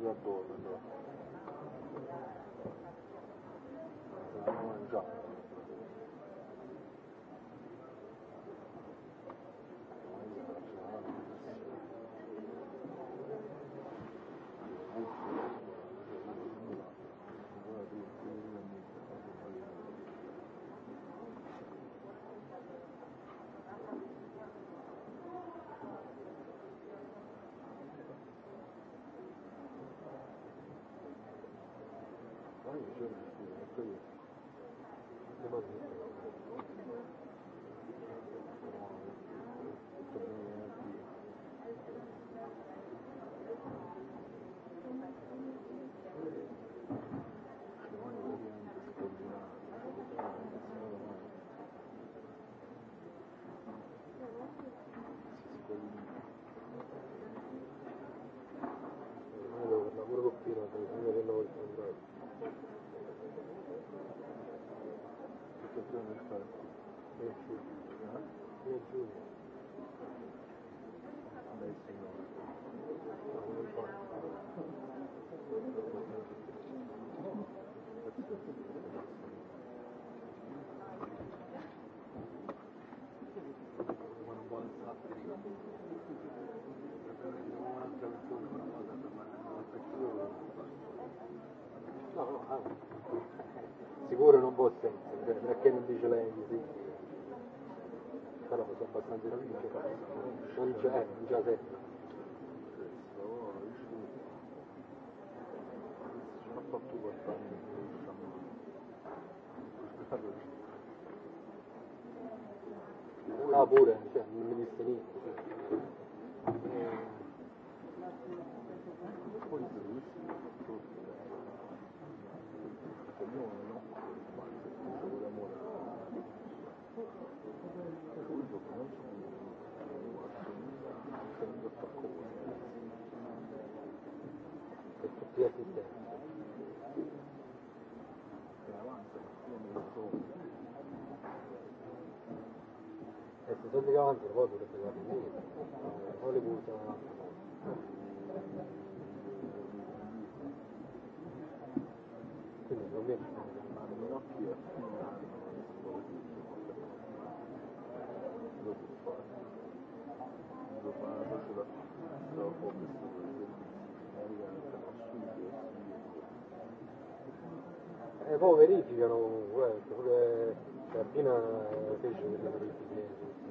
E: 个肚子是吧？咱们长。
D: Sicuro non può essere, perché non dice lei sì. Però sono abbastanza convinto. Non c'è, eh, non c'è sempre. Ah pure, cioè, non mi disse niente. よアンテルホールドって言われに、ホリボールとアンテル
E: quindi non mi male un occhio
D: e poi verificano comunque eh, pure Cardina eh, fece delle verifiche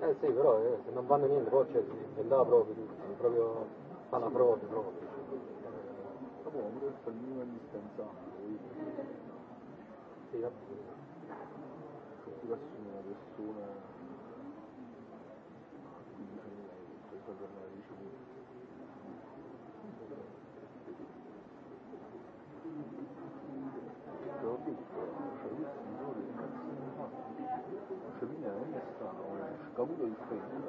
D: Eh sì, però eh, se non vanno niente poi cioè, si là proprio tutto, proprio fanno a prove proprio. Eh, vabbè, pure il cammino indispensabile.
E: Sì, vabbè prossimo una persona di il freddo,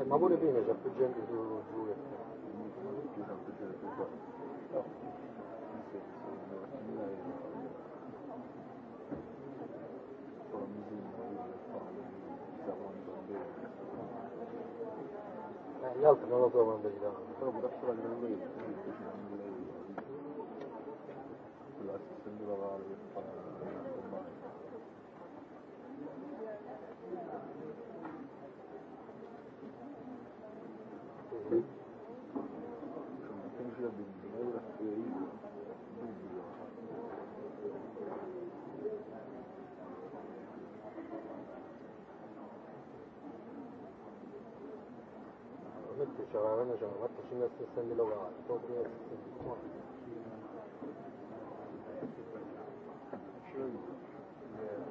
E: Eh, ma pure prima c'è più gente su lo giù che
D: eh, gli altri non lo so quando gli danno però pure quella che non quella si sembrava che fa ormai avendo già 4-5 assistenti locali, proprio assistenti qua. Sure. Yeah.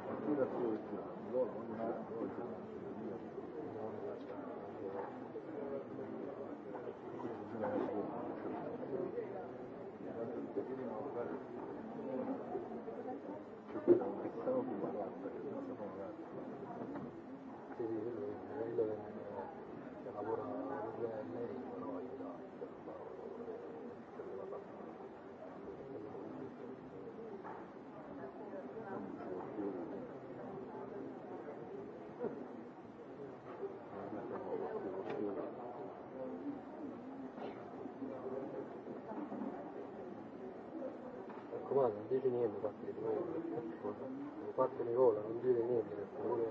D: fatemi gola, non dire niente, per favore.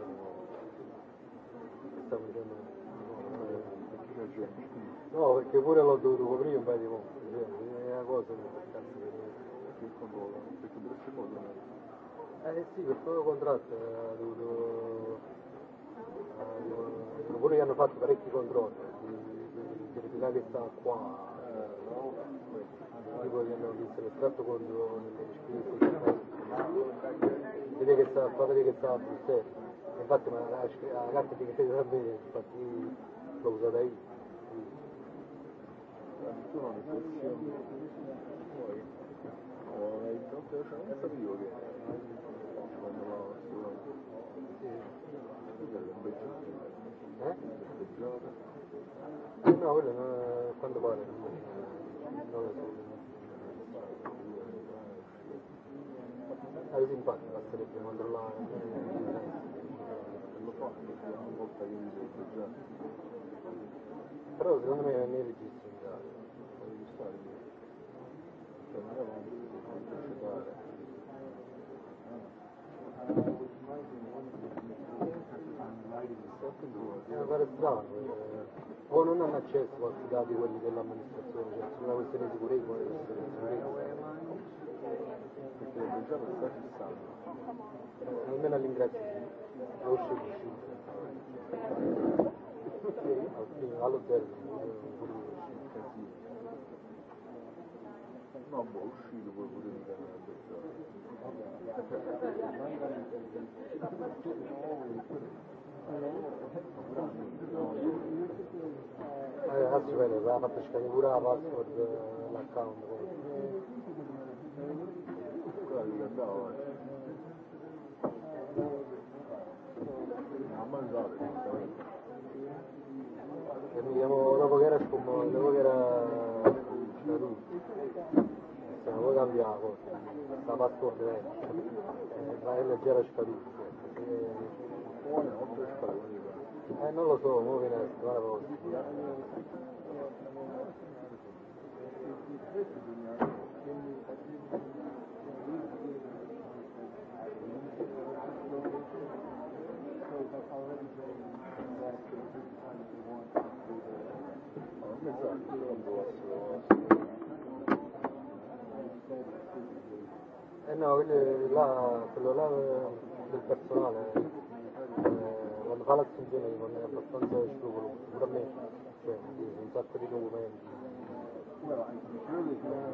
D: stavo dicendo... No, perché pure l'ho dovuto coprire un paio di volte, cioè, è una cosa che cazzo per me. Perché dovresti Eh sì, per quello contratto eh, ha dovuto... Ha, pure gli hanno fatto parecchi controlli, eh, verificare che sta qua, eh, no, tipo che hanno visto l'estratto quando nelle scritte vede che sta, fa vedere che sta a Bruxelles infatti ma la, la carta di credito va bene infatti l'ho usata io eh? Ah, no quello non, quando pare non lo so hygiene parking
E: On Però secondo me non è registrato, non è registrato. Cioè non
D: è un pare strano, eh, eh. o non hanno accesso a dati quelli dell'amministrazione, cioè sulla questione di sicurezza, questione di sicurezza perché il giorno sta fissando.
E: Non me la ringrazio. Lo uscito. All'hotel. No, boh, uscito poi pure di canale. Eh, adesso bene, aveva fatto scaricare pure
D: la password, eh, l'account. Che mi chiamo dopo che era sfumo, dopo che era scaduto. Se non vuoi cambiare cosa, sta passaporto è la LG era scaduto. Eh non lo so, muovi la settimana
E: prossima. Thank you.
D: Eh no, là, quello là eh, del personale, eh, quando fa la sinfonia è abbastanza scrupolo, pure a me, cioè, un sacco di documenti,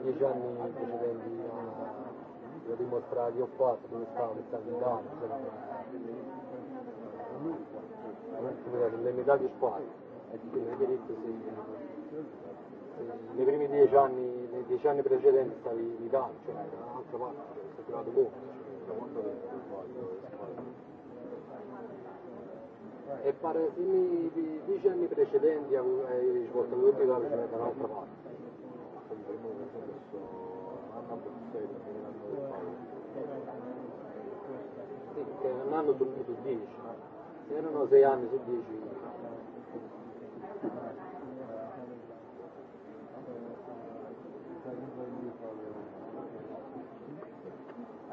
D: dieci anni precedenti a, eh, a dimostrare che ho fatto, dove stavo, che stavo in Italia, cioè, l'indennità di spazio, quindi vedete se nei primi dieci anni, nei dieci anni precedenti stavi in Italia, cioè da un'altra parte, sei arrivato poco, E pare se nei dieci anni precedenti hai svolto tutto Italia, cioè da un'altra parte.
E: Sì, che è un anno su
D: dieci, se eh. erano anni su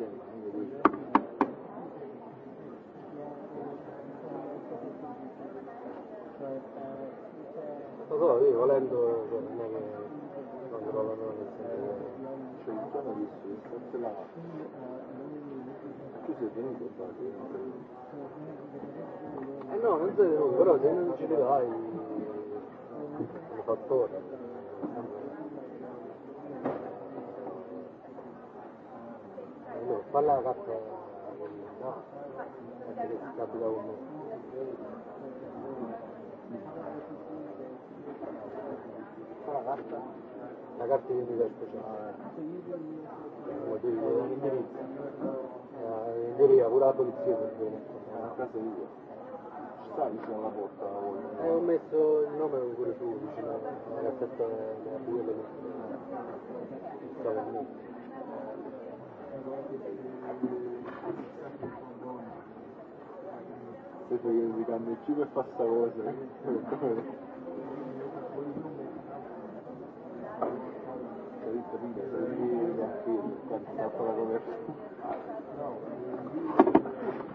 D: Lo no so, io volendo cioè, non è che controllano le Cioè il giorno di su, sempre là. Tu sei venuto qua, Eh no, non sei venuto, però se non ci vedrai, è un fattore. طلع غطى قبل يوم نقبت يدي ذا الشجاعة ودي يندري يندري أولا polizia per bene a casa mia ci sta vicino alla porta
E: Sento che si cambia il cibo e fa sta cosa. Capito, mica, sei lì a film,
D: quando salta la copertura.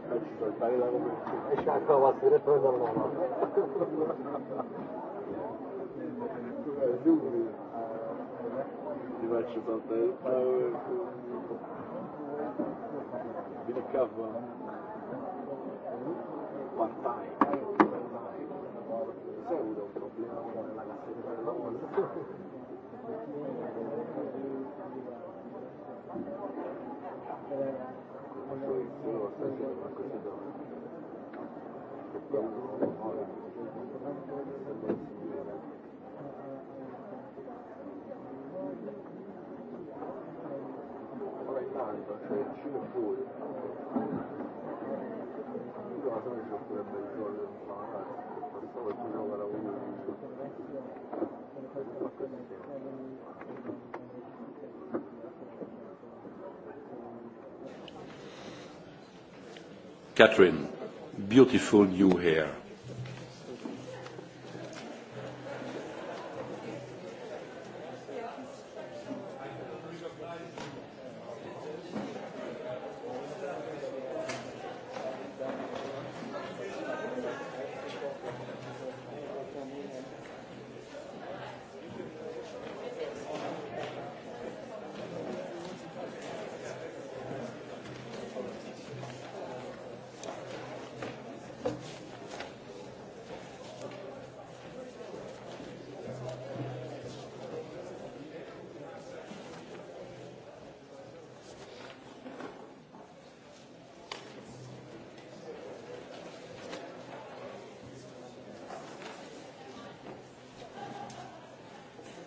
D: Faccio saltare la copertura. E c'è la cova, si retto da una mano. Ti faccio saltare
E: il tavolo. Brincava. Partai. Sei un problema nella cassetta della Poi, io stasera, ma così dove? Alfa,
B: Catherine, beautiful new hair.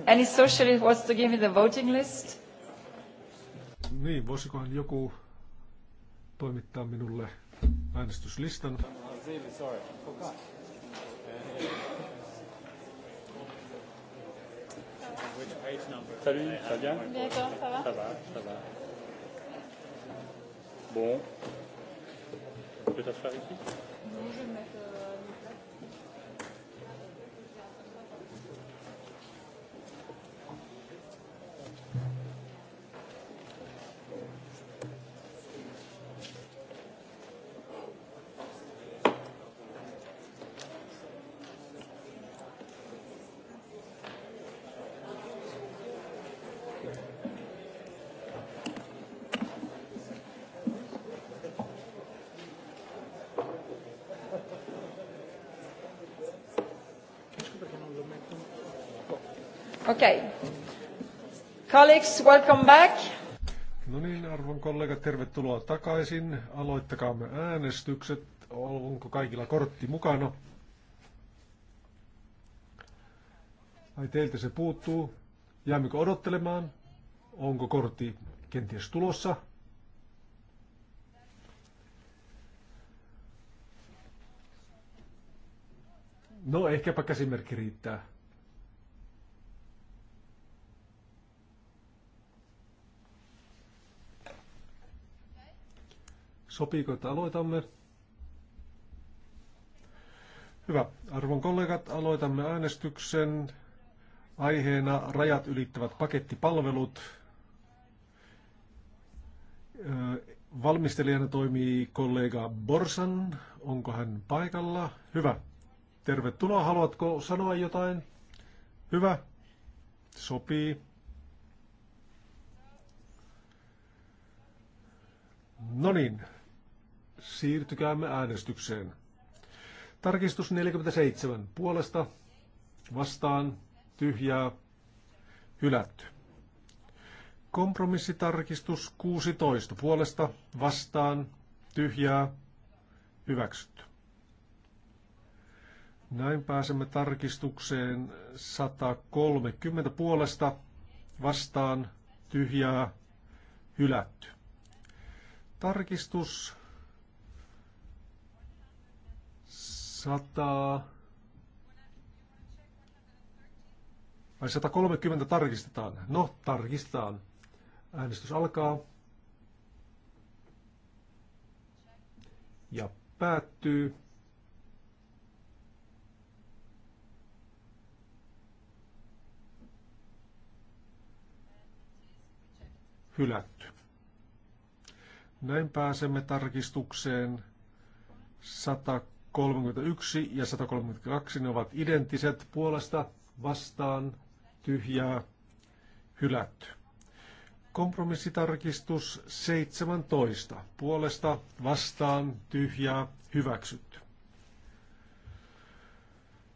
A: Any socialist wants to give me the voting list?
B: Niin, voisikohan joku toimittaa minulle äänestyslistan? Salut,
D: ça Peut-être ici
E: Okay.
A: Colleagues, welcome
E: back.
B: No niin, arvon kollegat, tervetuloa takaisin. Aloittakaamme äänestykset. Onko kaikilla kortti mukana? Ai teiltä se puuttuu. Jäämmekö odottelemaan? Onko kortti kenties tulossa? No ehkäpä käsimerkki riittää. Sopiiko, että aloitamme? Hyvä. Arvon kollegat, aloitamme äänestyksen. Aiheena rajat ylittävät pakettipalvelut. Valmistelijana toimii kollega Borsan. Onko hän paikalla? Hyvä. Tervetuloa. Haluatko sanoa jotain? Hyvä. Sopii. No niin, Siirtykäämme äänestykseen. Tarkistus 47. Puolesta vastaan tyhjää hylätty. Kompromissitarkistus 16. Puolesta vastaan tyhjää hyväksytty. Näin pääsemme tarkistukseen 130 puolesta vastaan tyhjää hylätty. Tarkistus 100 vai 130 tarkistetaan. No, tarkistetaan. Äänestys alkaa. Ja päättyy. Hylätty. Näin pääsemme tarkistukseen 130. 131 ja 132, ne ovat identtiset puolesta vastaan tyhjää hylätty. Kompromissitarkistus 17. Puolesta vastaan tyhjää hyväksytty.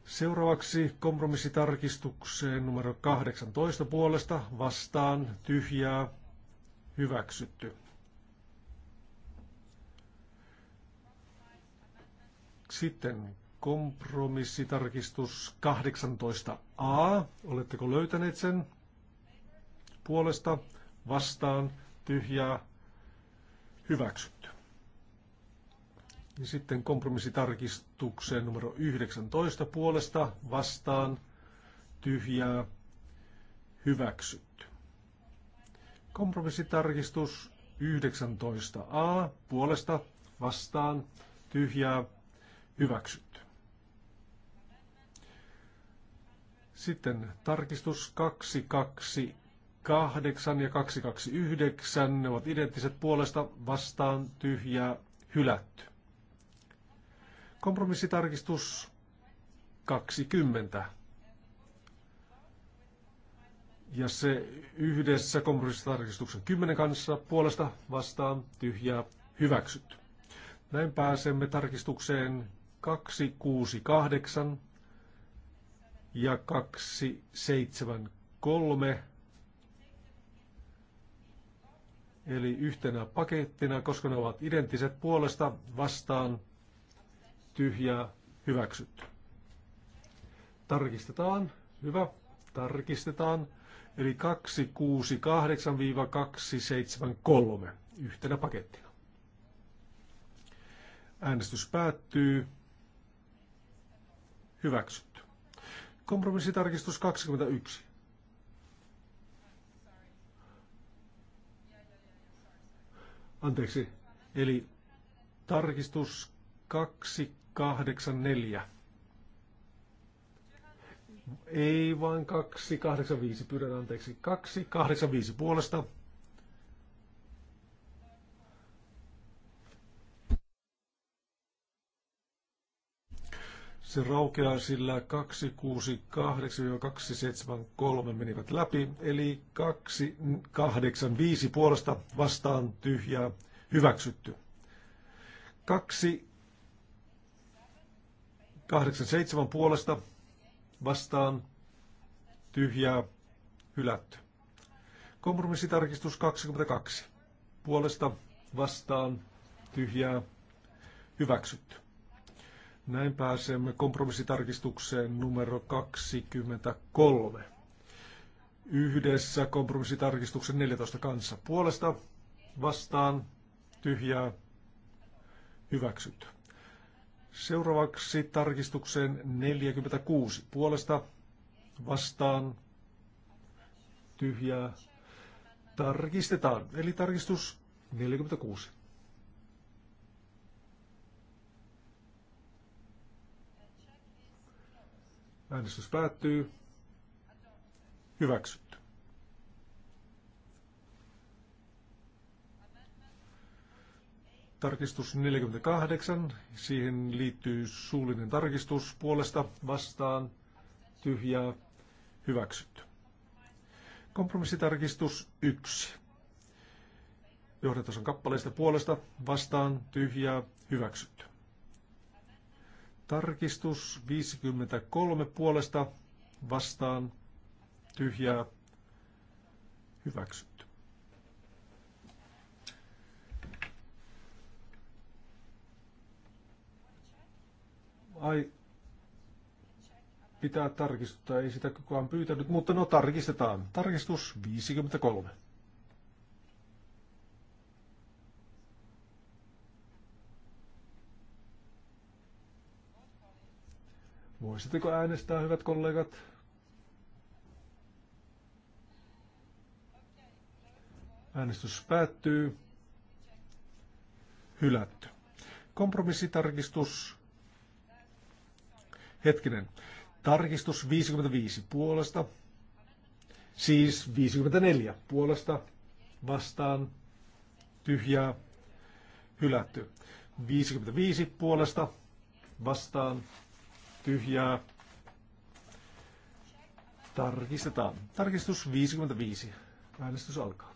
B: Seuraavaksi kompromissitarkistukseen numero 18 puolesta vastaan tyhjää hyväksytty. Sitten kompromissitarkistus 18a. Oletteko löytäneet sen? Puolesta, vastaan, tyhjää, hyväksytty. Ja sitten kompromissitarkistukseen numero 19 puolesta, vastaan, tyhjää, hyväksytty. Kompromissitarkistus 19a puolesta, vastaan, tyhjää, Hyväksytty. Sitten tarkistus 228 ja 229, ne ovat identtiset puolesta vastaan tyhjää hylätty. Kompromissitarkistus 20. Ja se yhdessä kompromissitarkistuksen 10 kanssa puolesta vastaan tyhjää hyväksytty. Näin pääsemme tarkistukseen 268 ja 273. Eli yhtenä pakettina, koska ne ovat identtiset puolesta vastaan tyhjää hyväksytty. Tarkistetaan. Hyvä. Tarkistetaan. Eli 268-273 yhtenä pakettina. Äänestys päättyy. Hyväksytty. Kompromissitarkistus 21. Anteeksi, eli tarkistus 284. Ei vain 285, pyydän anteeksi. 285 puolesta Se raukeaa sillä 268-273 menivät läpi, eli 285 puolesta vastaan tyhjää hyväksytty. 287 puolesta vastaan tyhjää hylätty. Kompromissitarkistus 22 puolesta vastaan tyhjää hyväksytty. Näin pääsemme kompromissitarkistukseen numero 23. Yhdessä kompromissitarkistuksen 14 kanssa. Puolesta vastaan tyhjää hyväksytty. Seuraavaksi tarkistukseen 46. Puolesta vastaan tyhjää tarkistetaan. Eli tarkistus 46. Äänestys päättyy. Hyväksytty. Tarkistus 48. Siihen liittyy suullinen tarkistus puolesta vastaan tyhjää hyväksytty. Kompromissitarkistus 1. Johdatason kappaleista puolesta vastaan tyhjää hyväksytty. Tarkistus 53 puolesta vastaan tyhjää hyväksytty. Ai, pitää tarkistuttaa, ei sitä kukaan pyytänyt, mutta no tarkistetaan. Tarkistus 53. Voisitteko äänestää, hyvät kollegat? Äänestys päättyy. Hylätty. Kompromissitarkistus. Hetkinen. Tarkistus 55 puolesta. Siis 54 puolesta vastaan tyhjää hylätty. 55 puolesta vastaan tyhjää. Tarkistetaan. Tarkistus 55. Äänestys alkaa.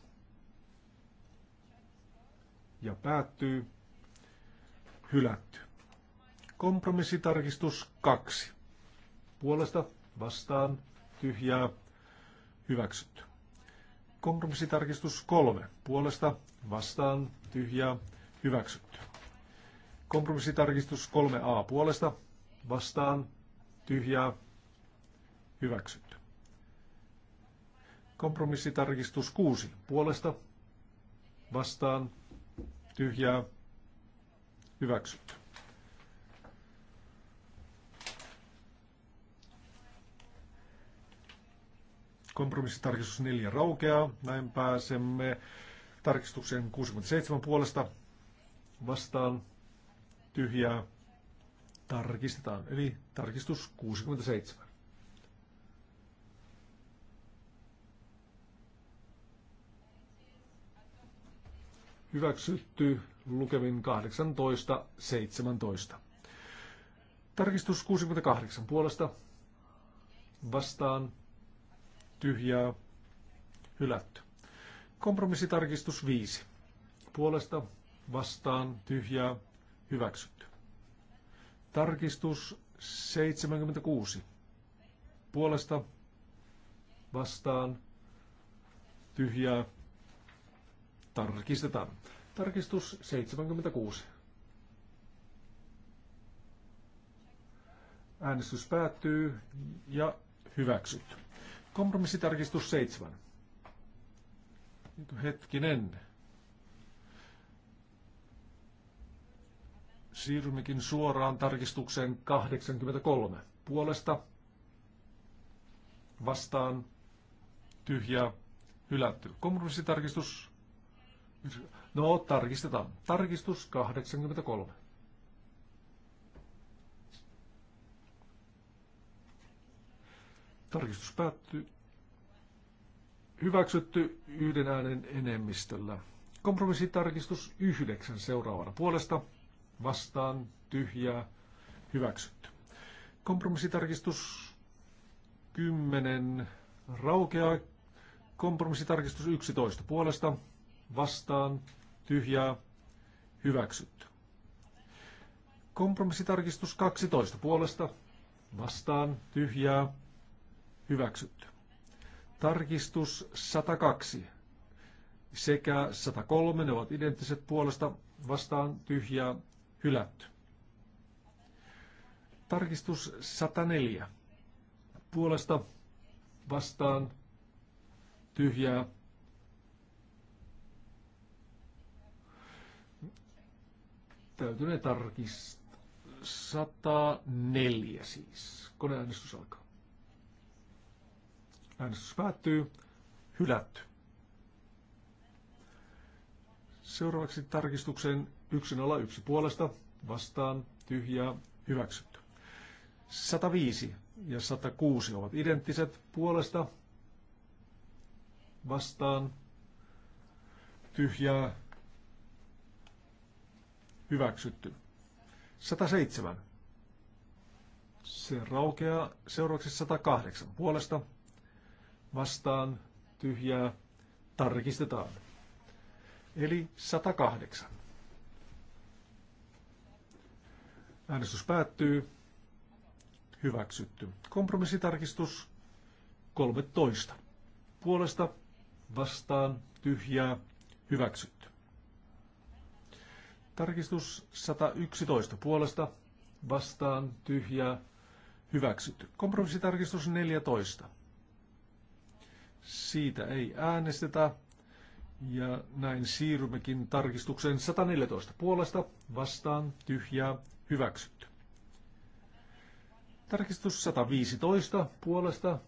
B: Ja päättyy. Hylätty. Kompromissitarkistus 2. Puolesta vastaan tyhjää. Hyväksytty. Kompromissitarkistus 3. Puolesta vastaan tyhjää. Hyväksytty. Kompromissitarkistus 3a puolesta vastaan tyhjää hyväksytty. Kompromissitarkistus 6 puolesta vastaan tyhjää hyväksytty. Kompromissitarkistus 4 raukeaa. Näin pääsemme tarkistuksen 67 puolesta vastaan tyhjää tarkistetaan, eli tarkistus 67. Hyväksytty lukemin 18.17. Tarkistus 68 puolesta vastaan tyhjää hylätty. Kompromissitarkistus 5 puolesta vastaan tyhjää hyväksytty. Tarkistus 76. Puolesta vastaan tyhjää tarkistetaan. Tarkistus 76. Äänestys päättyy ja hyväksytty. Kompromissitarkistus 7. Hetkinen. Siirrymmekin suoraan tarkistukseen 83. Puolesta vastaan tyhjä hylätty. Kompromissitarkistus. No, tarkistetaan. Tarkistus 83. Tarkistus päättyy. Hyväksytty yhden äänen enemmistöllä. Kompromissitarkistus 9 seuraavana puolesta vastaan tyhjää hyväksytty. Kompromissitarkistus 10 raukeaa. Kompromissitarkistus 11 puolesta vastaan tyhjää hyväksytty. Kompromissitarkistus 12 puolesta vastaan tyhjää hyväksytty. Tarkistus 102 sekä 103, ne ovat identtiset puolesta vastaan tyhjää Hylätty. Tarkistus 104. Puolesta vastaan tyhjää. Täytyy ne tarkistaa. 104 siis. Koneäänestys alkaa. Äänestys päättyy. Hylätty. Seuraavaksi tarkistuksen 101 puolesta vastaan tyhjää hyväksytty. 105 ja 106 ovat identtiset puolesta vastaan tyhjää hyväksytty. 107. Se raukeaa seuraavaksi 108 puolesta vastaan tyhjää tarkistetaan. Eli 108. Äänestys päättyy. Hyväksytty. Kompromissitarkistus 13. Puolesta vastaan tyhjää hyväksytty. Tarkistus 111. Puolesta vastaan tyhjää hyväksytty. Kompromissitarkistus 14. Siitä ei äänestetä. Ja näin siirrymmekin tarkistukseen 114 puolesta vastaan tyhjää Hyväksytty. Tarkistus 115 puolesta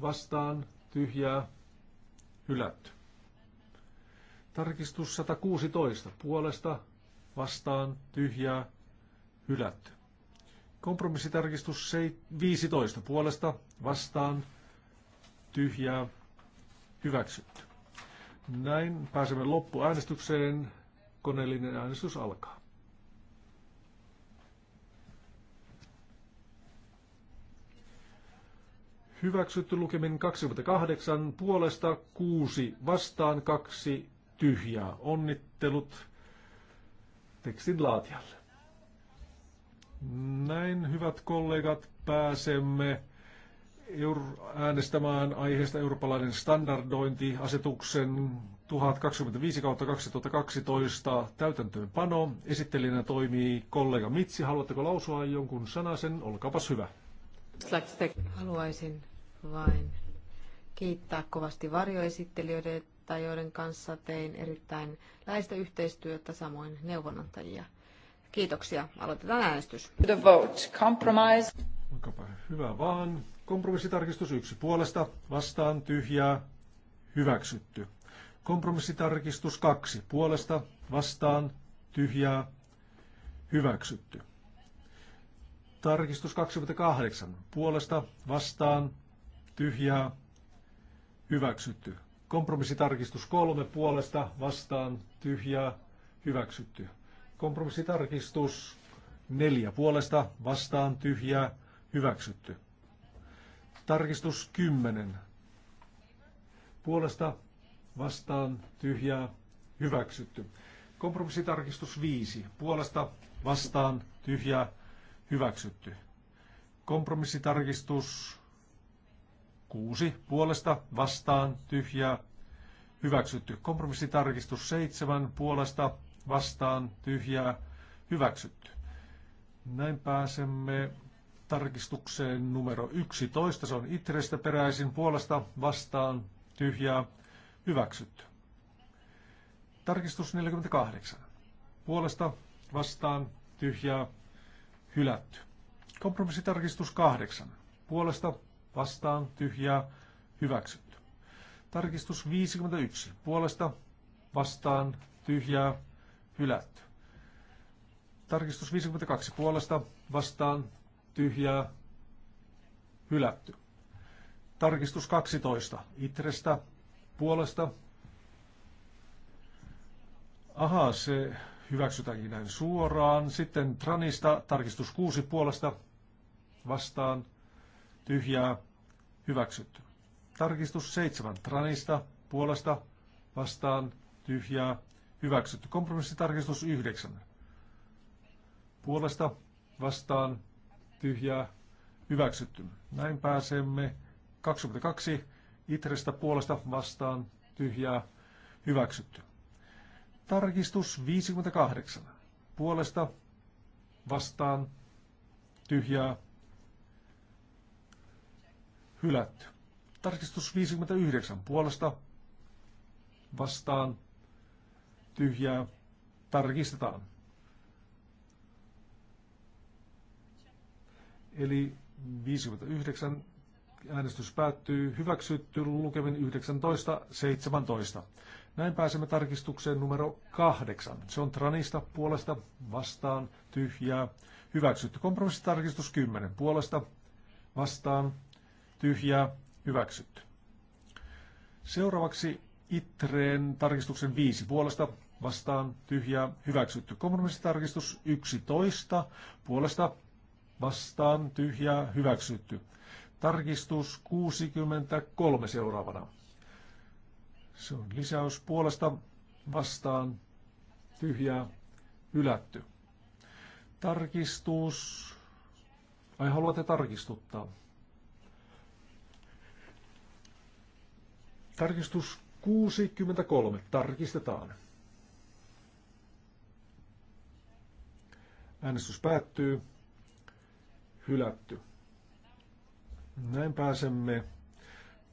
B: vastaan tyhjää hylätty. Tarkistus 116 puolesta vastaan tyhjää hylätty. Kompromissitarkistus 15 puolesta vastaan tyhjää hyväksytty. Näin pääsemme loppuäänestykseen. Koneellinen äänestys alkaa. Hyväksytty lukemin 28 puolesta 6 vastaan 2 tyhjää. Onnittelut tekstin laatijalle. Näin, hyvät kollegat, pääsemme äänestämään aiheesta eurooppalainen standardointi asetuksen 1025-2012 täytäntöönpano. Esittelijänä toimii kollega Mitsi. Haluatteko lausua jonkun sanasen? Olkaapas hyvä.
A: Haluaisin vain kiittää kovasti varjoesittelijöitä, joiden kanssa tein erittäin läheistä yhteistyötä, samoin neuvonantajia. Kiitoksia. Aloitetaan äänestys. The vote. Compromise.
B: Olkaapa hyvä vaan. Kompromissitarkistus yksi puolesta, vastaan tyhjää, hyväksytty. Kompromissitarkistus kaksi puolesta, vastaan tyhjää, hyväksytty. Tarkistus 28. Puolesta, vastaan, tyhjää, hyväksytty. Kompromissitarkistus 3. Puolesta, vastaan, tyhjää, hyväksytty. Kompromissitarkistus 4. Puolesta, vastaan, tyhjää, hyväksytty. Tarkistus 10. Puolesta, vastaan, tyhjää, hyväksytty. Kompromissitarkistus 5. Puolesta, vastaan, tyhjää, hyväksytty. Kompromissitarkistus 6 puolesta vastaan tyhjää hyväksytty. Kompromissitarkistus 7 puolesta vastaan tyhjää hyväksytty. Näin pääsemme tarkistukseen numero 11. Se on Itrestä peräisin puolesta vastaan tyhjää hyväksytty. Tarkistus 48. Puolesta vastaan tyhjää hylätty. Kompromissitarkistus 8. Puolesta vastaan tyhjää hyväksytty. Tarkistus 51. Puolesta vastaan tyhjää hylätty. Tarkistus 52. Puolesta vastaan tyhjää hylätty. Tarkistus 12. Itrestä puolesta. Aha, se hyväksytäänkin näin suoraan. Sitten Tranista tarkistus 6 puolesta vastaan tyhjää hyväksytty. Tarkistus 7 Tranista puolesta vastaan tyhjää hyväksytty. Kompromissitarkistus 9 puolesta vastaan tyhjää hyväksytty. Näin pääsemme 22 Itrestä puolesta vastaan tyhjää hyväksytty. Tarkistus 58. Puolesta vastaan tyhjää hylätty. Tarkistus 59. Puolesta vastaan tyhjää tarkistetaan. Eli 59 äänestys päättyy hyväksytty lukemin 19.17. Näin pääsemme tarkistukseen numero kahdeksan. Se on Tranista puolesta vastaan tyhjää. Hyväksytty. Kompromissitarkistus 10 puolesta vastaan tyhjää. Hyväksytty. Seuraavaksi Itreen tarkistuksen 5 puolesta vastaan tyhjää. Hyväksytty. Kompromissitarkistus 11 puolesta vastaan tyhjää. Hyväksytty. Tarkistus 63 seuraavana se on lisäys puolesta vastaan tyhjää hylätty. Tarkistus. Ai haluatte tarkistuttaa? Tarkistus 63. Tarkistetaan. Äänestys päättyy. Hylätty. Näin pääsemme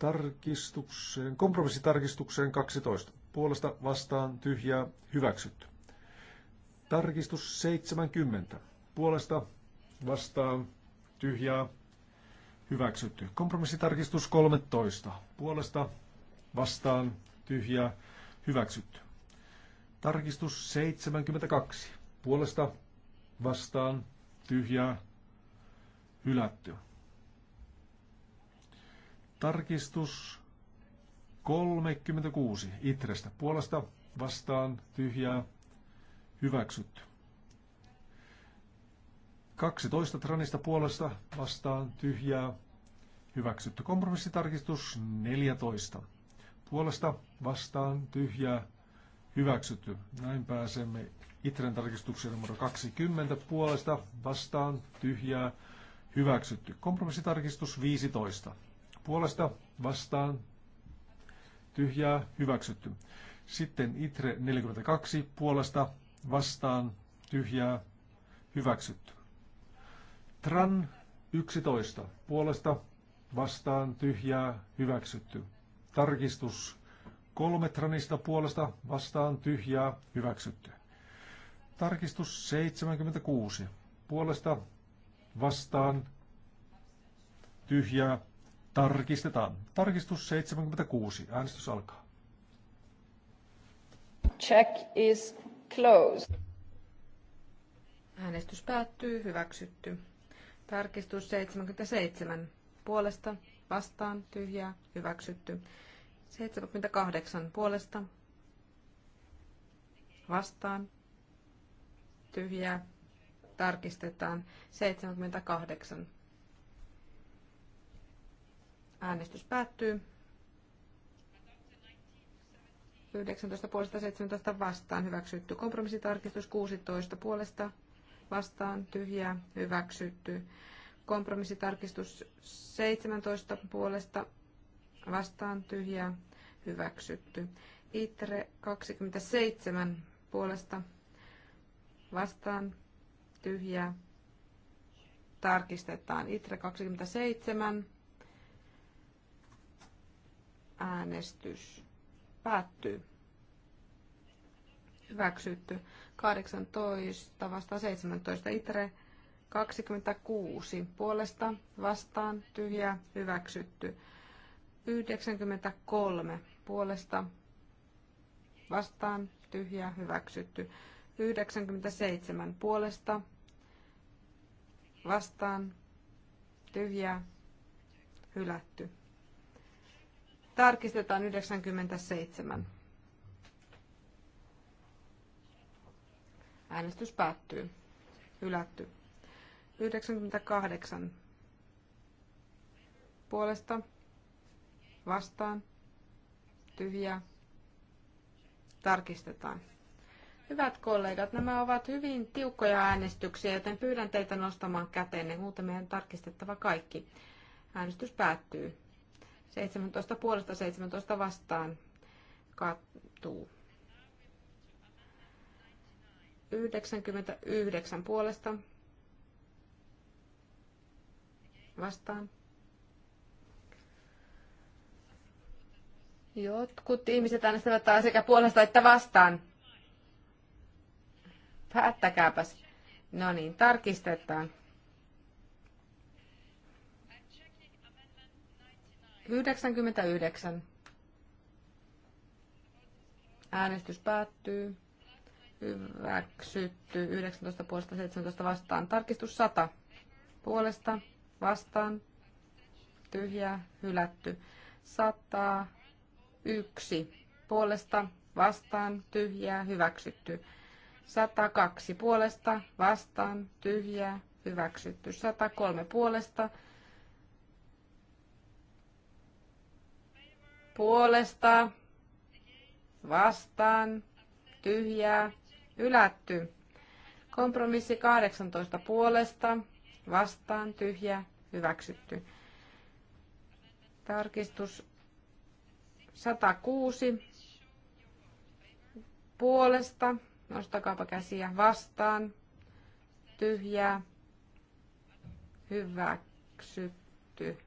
B: tarkistukseen, kompromissitarkistukseen 12. Puolesta vastaan tyhjää hyväksytty. Tarkistus 70. Puolesta vastaan tyhjää hyväksytty. Kompromissitarkistus 13. Puolesta vastaan tyhjää hyväksytty. Tarkistus 72. Puolesta vastaan tyhjää hylätty. Tarkistus 36 Itrestä puolesta vastaan tyhjää hyväksytty. 12 Tranista puolesta vastaan tyhjää hyväksytty. Kompromissitarkistus 14 puolesta vastaan tyhjää hyväksytty. Näin pääsemme Itren tarkistuksen numero 20 puolesta vastaan tyhjää hyväksytty. Kompromissitarkistus 15 puolesta vastaan tyhjää hyväksytty. Sitten ITRE 42 puolesta vastaan tyhjää hyväksytty. TRAN 11 puolesta vastaan tyhjää hyväksytty. Tarkistus kolme tranista puolesta vastaan tyhjää hyväksytty. Tarkistus 76 puolesta vastaan tyhjää Tarkistetaan. Tarkistus 76. Äänestys alkaa.
A: Check is closed. Äänestys päättyy. Hyväksytty. Tarkistus 77. Puolesta, vastaan, tyhjää, hyväksytty. 78. Puolesta, vastaan, tyhjää, tarkistetaan. 78. Äänestys päättyy. 19 puolesta 17 vastaan hyväksytty. Kompromissitarkistus 16 puolesta vastaan tyhjää hyväksytty. Kompromissitarkistus 17 puolesta vastaan tyhjää hyväksytty. ITRE 27 puolesta vastaan tyhjää tarkistetaan. ITRE 27 Äänestys päättyy. Hyväksytty. 18 vasta 17 itre. 26 puolesta vastaan tyhjä hyväksytty. 93 puolesta vastaan tyhjä hyväksytty. 97 puolesta vastaan tyhjä hylätty. Tarkistetaan 97. Äänestys päättyy. Hylätty. 98. Puolesta. Vastaan. Tyhjä. Tarkistetaan. Hyvät kollegat, nämä ovat hyvin tiukkoja äänestyksiä, joten pyydän teitä nostamaan kätenne, muuten meidän tarkistettava kaikki. Äänestys päättyy. 17 puolesta 17 vastaan kattuu. 99 puolesta vastaan. Jotkut ihmiset äänestävät taas sekä puolesta että vastaan. Päättäkääpäs. No niin, tarkistetaan. 99. Äänestys päättyy. Hyväksytty. 19 puolesta 17 vastaan. Tarkistus 100. Puolesta vastaan. Tyhjä. Hylätty. 101. Puolesta vastaan. Tyhjä. Hyväksytty. 102. Puolesta vastaan. Tyhjä. Hyväksytty. 103. Puolesta vastaan puolesta, vastaan, tyhjää, ylätty. Kompromissi 18 puolesta, vastaan, tyhjä, hyväksytty. Tarkistus 106 puolesta, nostakaapa käsiä vastaan, tyhjää, hyväksytty.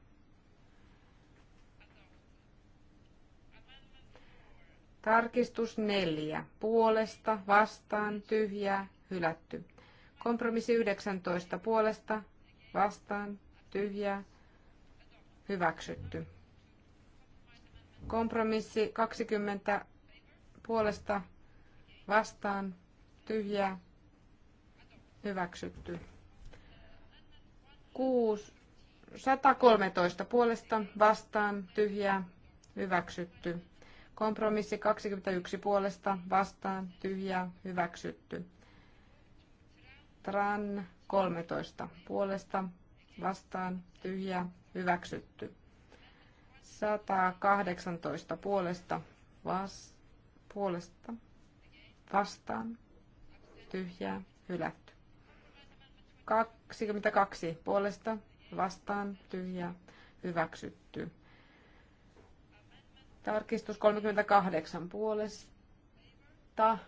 A: Tarkistus neljä. Puolesta, vastaan, tyhjää, hylätty. Kompromissi 19. Puolesta, vastaan, tyhjää, hyväksytty. Kompromissi 20. Puolesta, vastaan, tyhjää, hyväksytty. 6. 113 puolesta vastaan tyhjää hyväksytty. Kompromissi 21 puolesta vastaan tyhjää hyväksytty. Tran 13 puolesta vastaan tyhjää hyväksytty. 118 puolesta vas, puolesta vastaan tyhjää hylätty. 22 puolesta vastaan tyhjää hyväksytty. Tarkistus 38 puolesta.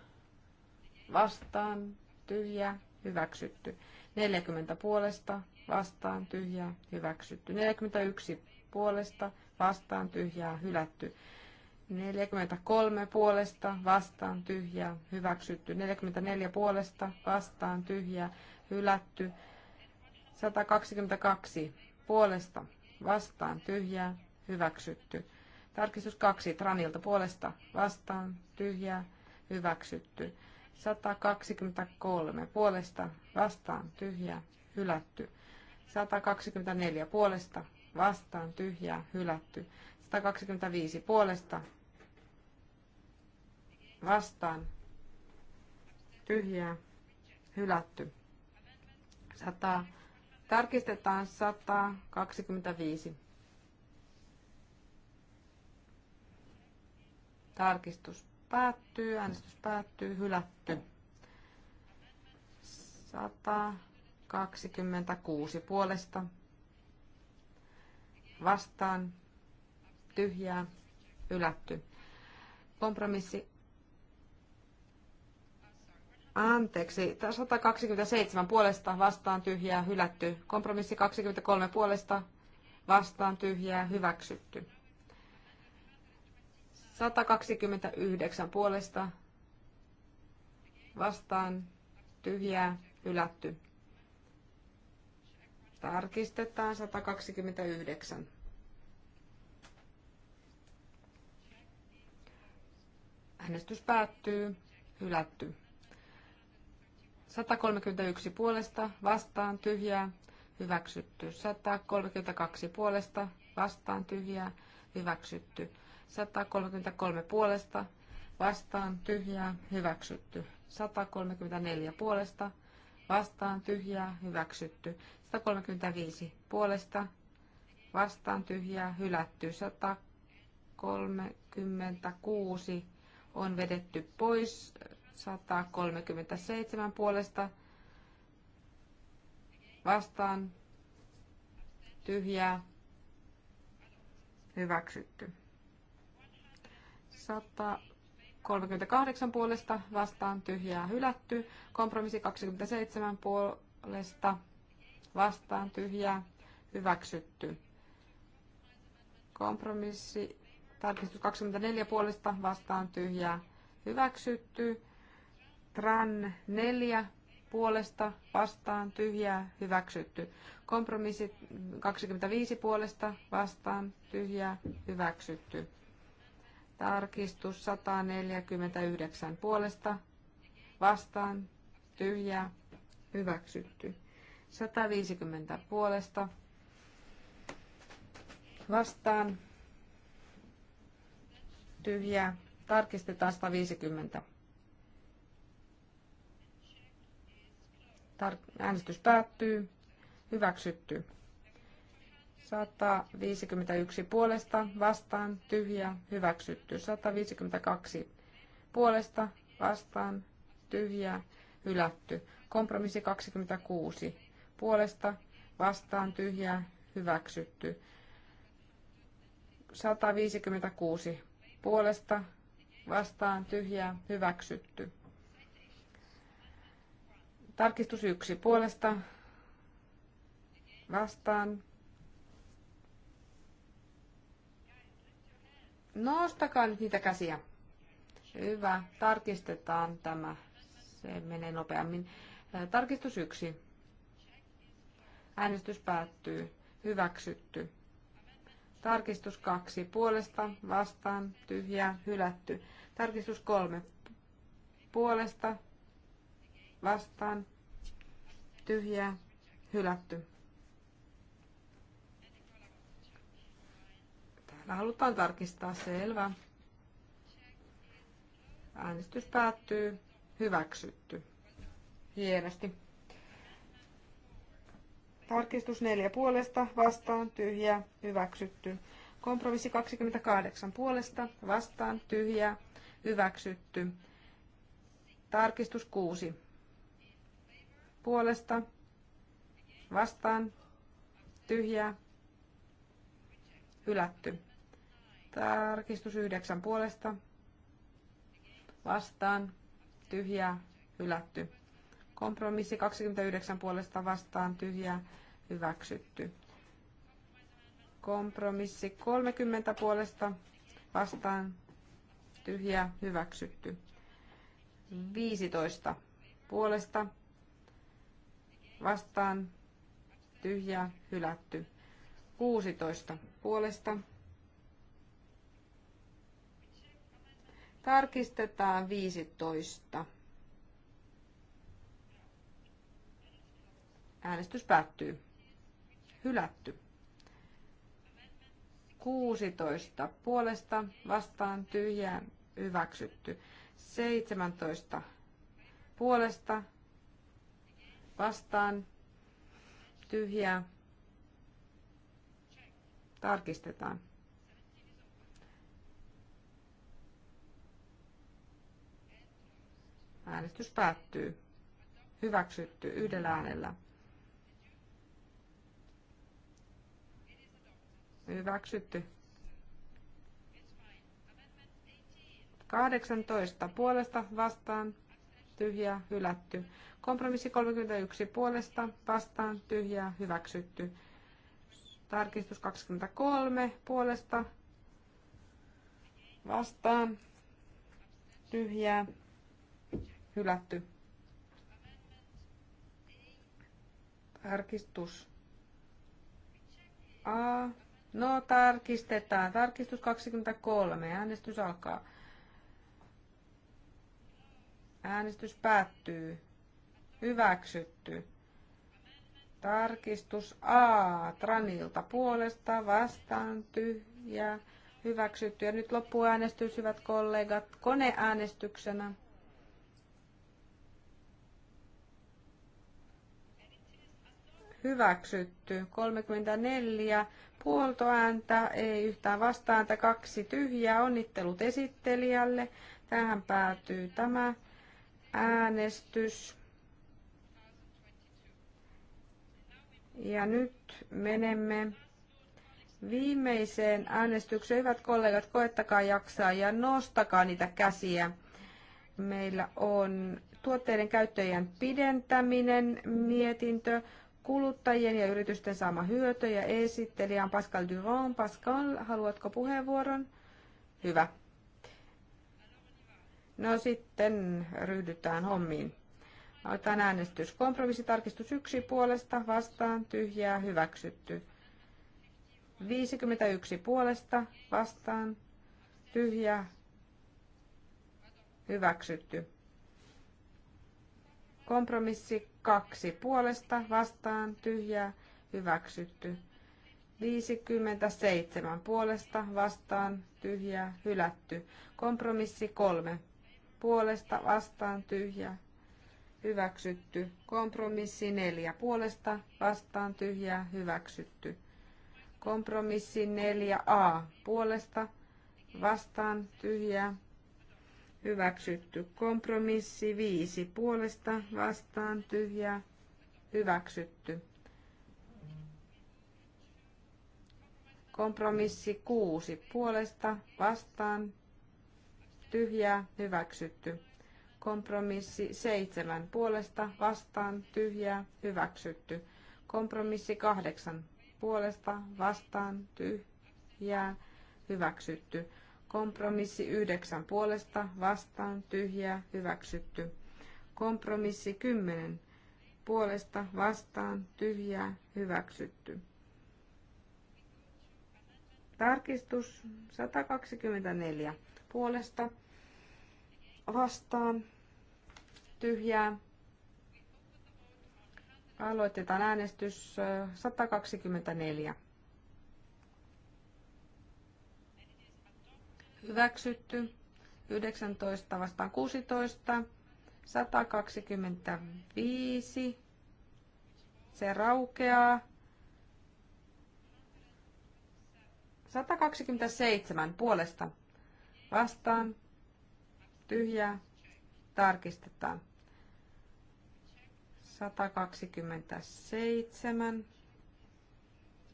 A: Vastaan tyhjä, hyväksytty. 40 puolesta, vastaan Tyhjä. hyväksytty. 41 puolesta, vastaan tyhjää, hylätty. 43 puolesta, vastaan Tyhjä. hyväksytty. 44 puolesta, vastaan tyhjä hylätty. 122 puolesta, vastaan tyhjä hyväksytty. Tarkistus 2 Tranilta puolesta vastaan tyhjää hyväksytty. 123 puolesta vastaan tyhjää hylätty. 124 puolesta vastaan tyhjää hylätty. 125 puolesta vastaan tyhjää hylätty. 100. Tarkistetaan 125. Tarkistus päättyy, äänestys päättyy, hylätty. 126 puolesta. Vastaan, tyhjää, hylätty. Kompromissi Anteeksi, 127 puolesta vastaan tyhjää hylätty. Kompromissi 23 puolesta vastaan tyhjää hyväksytty. 129 puolesta vastaan tyhjää hylätty. Tarkistetaan 129. Äänestys päättyy. Hylätty. 131 puolesta vastaan tyhjää. Hyväksytty. 132 puolesta vastaan tyhjää. Hyväksytty. 133 puolesta vastaan tyhjää hyväksytty. 134 puolesta vastaan tyhjää hyväksytty. 135 puolesta vastaan tyhjää hylätty. 136 on vedetty pois. 137 puolesta vastaan tyhjää hyväksytty. 238 puolesta vastaan tyhjää hylätty. Kompromissi 27 puolesta vastaan tyhjää hyväksytty. Kompromissi tarkistus 24 puolesta vastaan tyhjää hyväksytty. Tran 4 puolesta vastaan tyhjää hyväksytty. Kompromissi 25 puolesta vastaan tyhjää hyväksytty. Tarkistus 149 puolesta. Vastaan. Tyhjää. Hyväksytty. 150 puolesta. Vastaan. Tyhjää. Tarkistetaan 150. Tar- äänestys päättyy. Hyväksytty. 151 puolesta, vastaan, tyhjä, hyväksytty. 152 puolesta, vastaan, tyhjä, hylätty. Kompromissi 26 puolesta, vastaan, tyhjä, hyväksytty. 156 puolesta, vastaan, tyhjä, hyväksytty. Tarkistus 1 puolesta, vastaan, Nostakaa nyt niitä käsiä. Hyvä. Tarkistetaan tämä. Se menee nopeammin. Tarkistus yksi. Äänestys päättyy. Hyväksytty. Tarkistus kaksi. Puolesta, vastaan, tyhjä hylätty. Tarkistus kolme. Puolesta, vastaan, tyhjä hylätty. halutaan tarkistaa selvä. Äänestys päättyy. Hyväksytty. Hienosti. Tarkistus neljä puolesta, vastaan, tyhjä, hyväksytty. Kompromissi 28 puolesta, vastaan, tyhjä, hyväksytty. Tarkistus 6 puolesta, vastaan, tyhjä, hylätty. Tarkistus yhdeksän puolesta. Vastaan. Tyhjää. Hylätty. Kompromissi 29 puolesta vastaan. Tyhjää. Hyväksytty. Kompromissi 30 puolesta vastaan. Tyhjää. Hyväksytty. 15 puolesta vastaan. Tyhjää. Hylätty. 16 puolesta Tarkistetaan 15. Äänestys päättyy. Hylätty. 16 puolesta vastaan tyhjään hyväksytty. 17 puolesta vastaan tyhjää. Tarkistetaan. Äänestys päättyy. Hyväksytty yhdellä äänellä. Hyväksytty. 18 puolesta vastaan tyhjä, hylätty. Kompromissi 31 puolesta vastaan tyhjä, hyväksytty. Tarkistus 23 puolesta vastaan tyhjää Hylätty. Tarkistus. A. No, tarkistetaan. Tarkistus 23. Äänestys alkaa. Äänestys päättyy. Hyväksytty. Tarkistus A. Tranilta puolesta vastaan tyhjä. Hyväksytty. Ja nyt loppuäänestys, hyvät kollegat, koneäänestyksenä. hyväksytty. 34 puoltoääntä, ei yhtään vastaääntä, kaksi tyhjää. Onnittelut esittelijälle. Tähän päätyy tämä äänestys. Ja nyt menemme viimeiseen äänestykseen. Hyvät kollegat, koettakaa jaksaa ja nostakaa niitä käsiä. Meillä on tuotteiden käyttöjen pidentäminen mietintö kuluttajien ja yritysten saama hyöty ja esittelijä on Pascal Durand. Pascal, haluatko puheenvuoron? Hyvä. No sitten ryhdytään hommiin. Otan äänestys. Kompromissitarkistus yksi puolesta, vastaan, tyhjää, hyväksytty. 51 puolesta, vastaan, tyhjää, hyväksytty. Kompromissi kaksi puolesta vastaan tyhjää hyväksytty. 57 puolesta vastaan tyhjää hylätty. Kompromissi 3 puolesta vastaan tyhjää hyväksytty. Kompromissi 4 puolesta vastaan tyhjää hyväksytty. Kompromissi 4a puolesta vastaan tyhjää hyväksytty. Kompromissi viisi puolesta vastaan tyhjää hyväksytty. Kompromissi kuusi puolesta vastaan tyhjää hyväksytty. Kompromissi seitsemän puolesta vastaan tyhjää hyväksytty. Kompromissi kahdeksan puolesta vastaan tyhjää hyväksytty. Kompromissi yhdeksän puolesta vastaan tyhjää hyväksytty. Kompromissi kymmenen puolesta vastaan tyhjää hyväksytty. Tarkistus 124 puolesta vastaan tyhjää. Aloitetaan äänestys 124. Äh, hyväksytty, 19 vastaan 16, 125, se raukeaa, 127 puolesta vastaan, tyhjää, tarkistetaan. 127.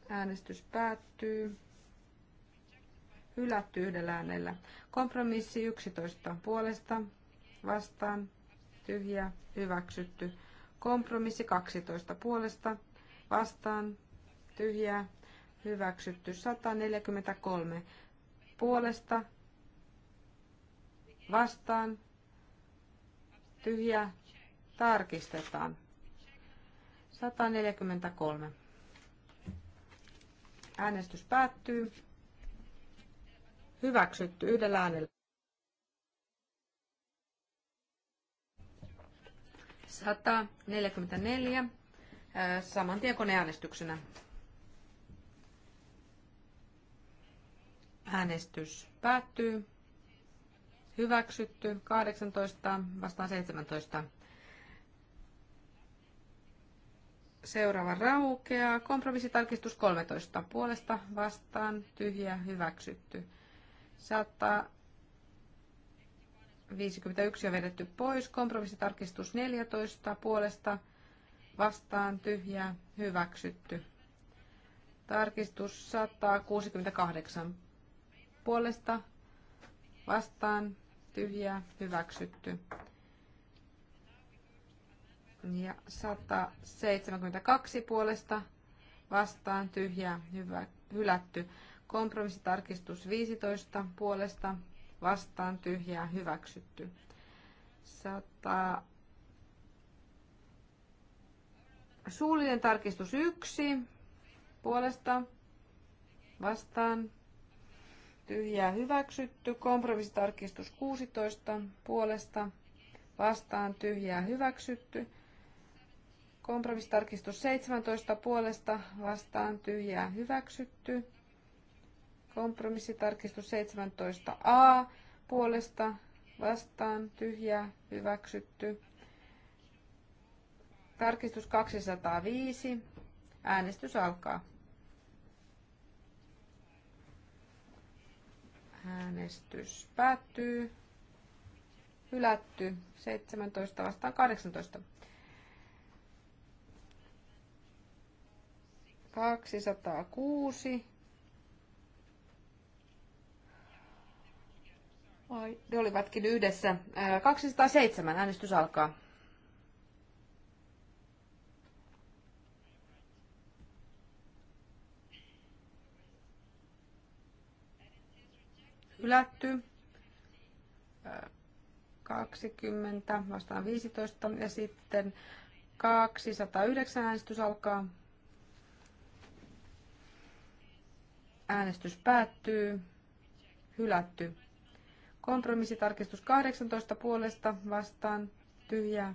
A: Äänestys päättyy hylätty yhdellä äänellä. Kompromissi 11 puolesta vastaan tyhjä hyväksytty. Kompromissi 12 puolesta vastaan tyhjä hyväksytty. 143 puolesta vastaan tyhjä tarkistetaan. 143. Äänestys päättyy. Hyväksytty yhdellä äänellä. Sata, saman tien koneäänestyksenä. Äänestys päättyy. Hyväksytty 18 vastaan 17. Seuraava raukeaa. Kompromissitarkistus 13. Puolesta vastaan tyhjä hyväksytty. 151 on vedetty pois. Kompromissitarkistus 14 puolesta vastaan tyhjää hyväksytty. Tarkistus 168 puolesta vastaan tyhjää hyväksytty. Ja 172 puolesta vastaan tyhjää hyvä, hylätty. Kompromissitarkistus 15 puolesta vastaan tyhjää hyväksytty. 100. Suullinen tarkistus 1 puolesta vastaan tyhjää hyväksytty. Kompromissitarkistus 16 puolesta vastaan tyhjää hyväksytty. Kompromissitarkistus 17 puolesta vastaan tyhjää hyväksytty. Kompromissitarkistus 17a puolesta vastaan tyhjä hyväksytty. Tarkistus 205. Äänestys alkaa. Äänestys päättyy. Hylätty 17 vastaan 18. 206 Vai, ne olivatkin yhdessä. 207, äänestys alkaa. Hylätty. 20 vastaan 15 ja sitten 209 äänestys alkaa. Äänestys päättyy. Hylätty. Kompromissitarkistus 18 puolesta vastaan tyhjää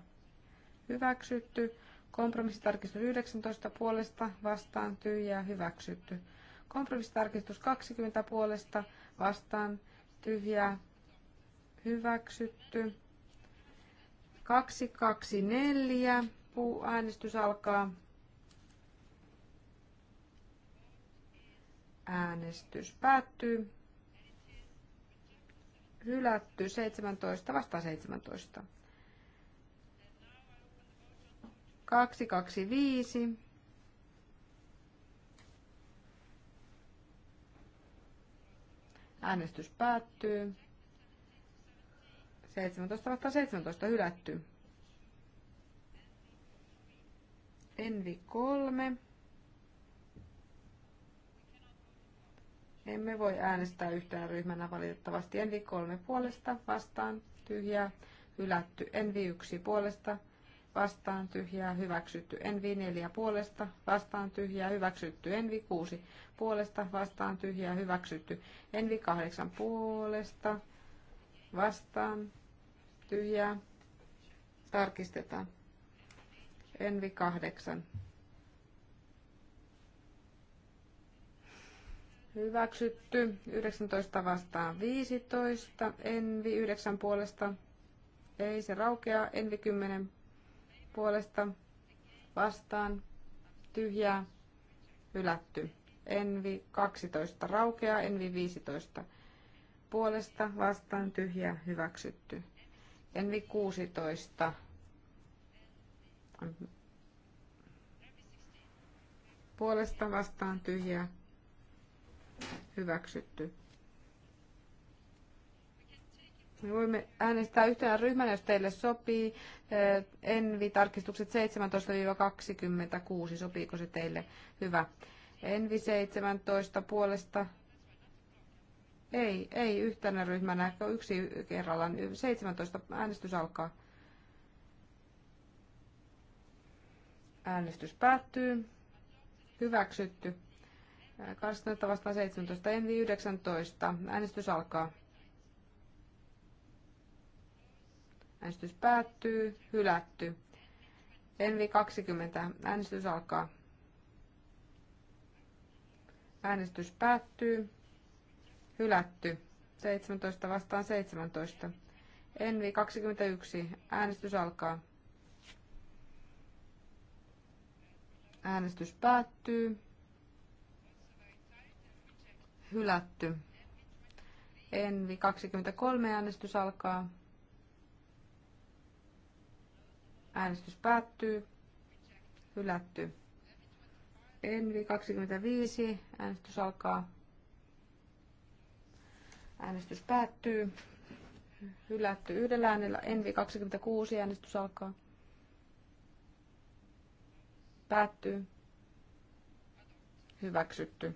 A: hyväksytty. Kompromissitarkistus 19 puolesta vastaan tyhjää hyväksytty. Kompromissitarkistus 20 puolesta vastaan tyhjää hyväksytty. 224 puu äänestys alkaa. Äänestys päättyy hylätty 17 vasta 17. 225. Äänestys päättyy. 17 vasta 17 hylätty. Envi 3. Emme voi äänestää yhtään ryhmänä valitettavasti. Envi 3 puolesta vastaan tyhjää, hylätty. Envi 1 puolesta vastaan tyhjää, hyväksytty. Envi 4 puolesta vastaan tyhjää, hyväksytty. Envi 6 puolesta vastaan tyhjää, hyväksytty. Envi 8 puolesta vastaan tyhjää, tarkistetaan. Envi 8. Hyväksytty 19 vastaan 15, Envi 9 puolesta, ei se raukea, Envi 10 puolesta vastaan, tyhjää, hylätty. Envi 12 raukea, Envi 15 puolesta vastaan, tyhjää, hyväksytty. Envi 16 puolesta vastaan, tyhjää, Hyväksytty. Me voimme äänestää yhtenä ryhmänä, jos teille sopii. Eh, Envi-tarkistukset 17-26, sopiiko se teille? Hyvä. Envi 17 puolesta. Ei, ei yhtenä ryhmänä, yksi kerrallaan. 17 äänestys alkaa. Äänestys päättyy. Hyväksytty. 18 vastaan 17, Envi 19. Äänestys alkaa. Äänestys päättyy, hylätty. Envi 20, äänestys alkaa. Äänestys päättyy, hylätty. 17 vastaan 17. Envi 21, äänestys alkaa. Äänestys päättyy hylätty. Envi 23 äänestys alkaa. Äänestys päättyy. Hylätty. Envi 25 äänestys alkaa. Äänestys päättyy. Hylätty yhdellä äänellä. Envi 26 äänestys alkaa. Päättyy. Hyväksytty.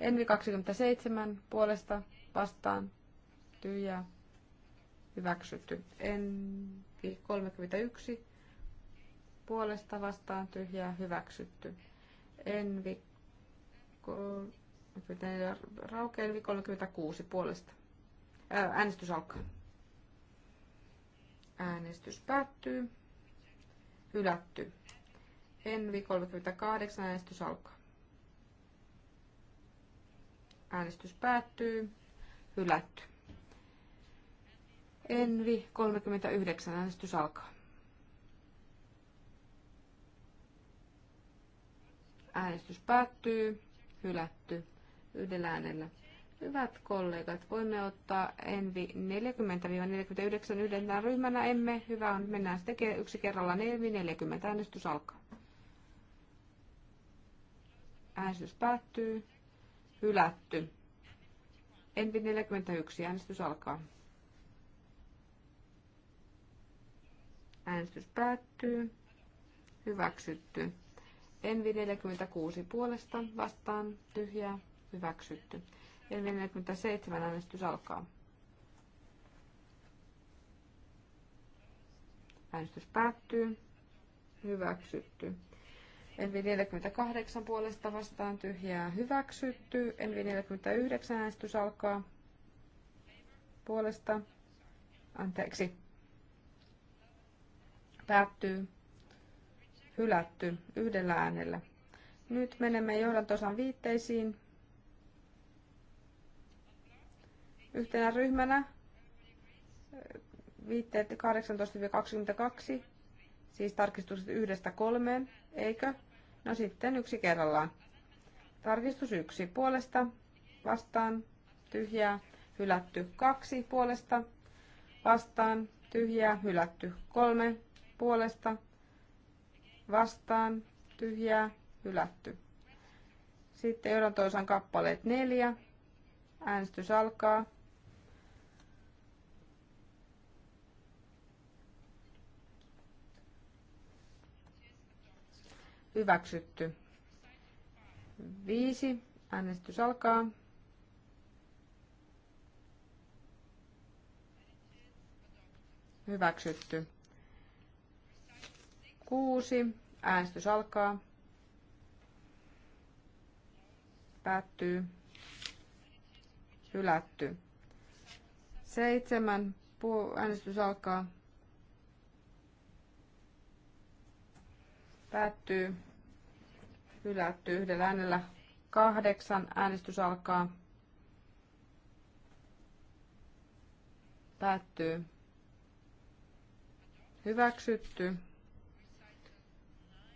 A: Envi 27 puolesta vastaan tyhjä hyväksytty. Envi 31 puolesta vastaan tyhjä hyväksytty. Envi rauke Envi 36 puolesta. äänestys alkaa. Äänestys päättyy. Hylätty. Envi 38 äänestys alkaa. Äänestys päättyy. Hylätty. Envi 39. Äänestys alkaa. Äänestys päättyy. Hylätty. Yhdellä äänellä. Hyvät kollegat, voimme ottaa Envi 40-49 yhdellä ryhmänä. Emme. Hyvä on. Mennään sitten yksi kerrallaan. Envi 40. Äänestys alkaa. Äänestys päättyy hylätty. Envi 41, äänestys alkaa. Äänestys päättyy. Hyväksytty. Envi 46 puolesta vastaan tyhjää. Hyväksytty. Envi 47 äänestys alkaa. Äänestys päättyy. Hyväksytty. Envi 48 puolesta vastaan tyhjää hyväksytty. Envi 49 äänestys alkaa puolesta. Anteeksi. Päättyy. Hylätty yhdellä äänellä. Nyt menemme johdantosan viitteisiin. Yhtenä ryhmänä viitteet 18-22, siis tarkistukset yhdestä kolmeen, eikö? No sitten yksi kerrallaan. Tarkistus yksi puolesta, vastaan, tyhjää, hylätty kaksi puolesta, vastaan, tyhjää, hylätty kolme puolesta, vastaan, tyhjää, hylätty. Sitten toisaan kappaleet neljä. Äänestys alkaa. Hyväksytty. Viisi. Äänestys alkaa. Hyväksytty. Kuusi. Äänestys alkaa. Päättyy. Hylätty. Seitsemän. Äänestys alkaa. Päättyy. Hylätty yhdellä äänellä. Kahdeksan. Äänestys alkaa. Päättyy. Hyväksytty.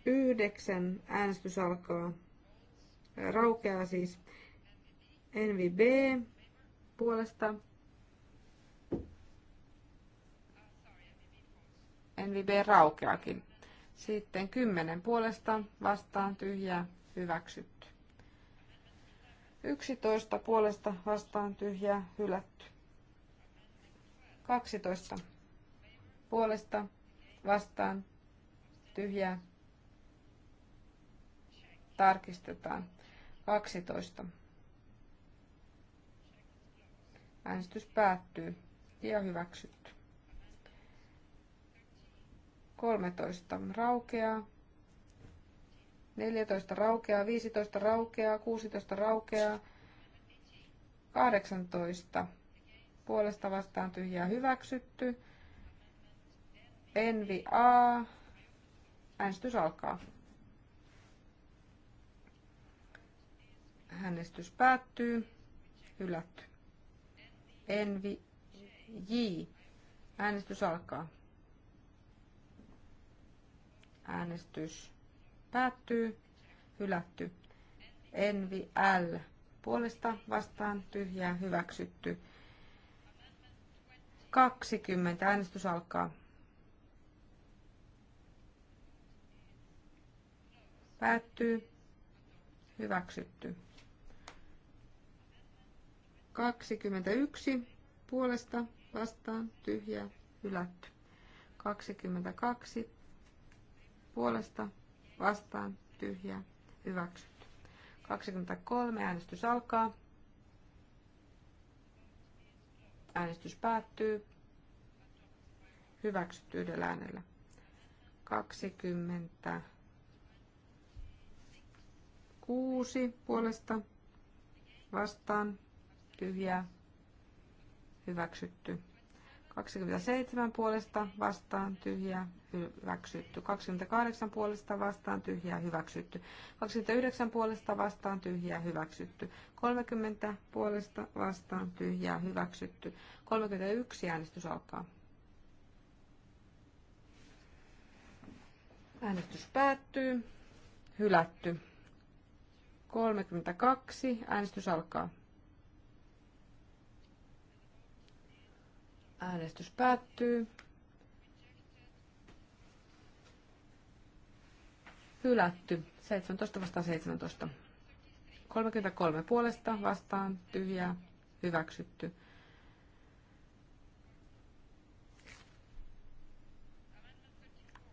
A: Yhdeksän. Äänestys alkaa. Raukeaa siis. NVB puolesta. NVB raukeakin. Sitten kymmenen puolesta vastaan tyhjää hyväksytty. Yksitoista puolesta vastaan tyhjää hylätty. Kaksitoista puolesta vastaan tyhjää tarkistetaan. Kaksitoista. Äänestys päättyy ja hyväksytty. 13 raukeaa, 14 raukeaa, 15 raukeaa, 16 raukeaa, 18 puolesta vastaan tyhjää hyväksytty. Envi A. Äänestys alkaa. Äänestys päättyy. Hylätty. Envi J. Äänestys alkaa. Äänestys päättyy. Hylätty. Envi L. Puolesta vastaan tyhjää hyväksytty. 20. Äänestys alkaa. Päättyy. Hyväksytty. 21. Puolesta vastaan tyhjää hylätty. 22 puolesta vastaan tyhjää hyväksytty. 23 äänestys alkaa. Äänestys päättyy. Hyväksytty yhdellä äänellä. 26 puolesta vastaan tyhjää hyväksytty. 27 puolesta vastaan tyhjää hyväksytty. 28 puolesta vastaan tyhjää hyväksytty. 29 puolesta vastaan tyhjää hyväksytty. 30 puolesta vastaan tyhjää hyväksytty. 31 äänestys alkaa. Äänestys päättyy. Hylätty. 32. Äänestys alkaa. Äänestys päättyy. hylätty. 17 vastaan 17. 33 puolesta vastaan tyhjää hyväksytty.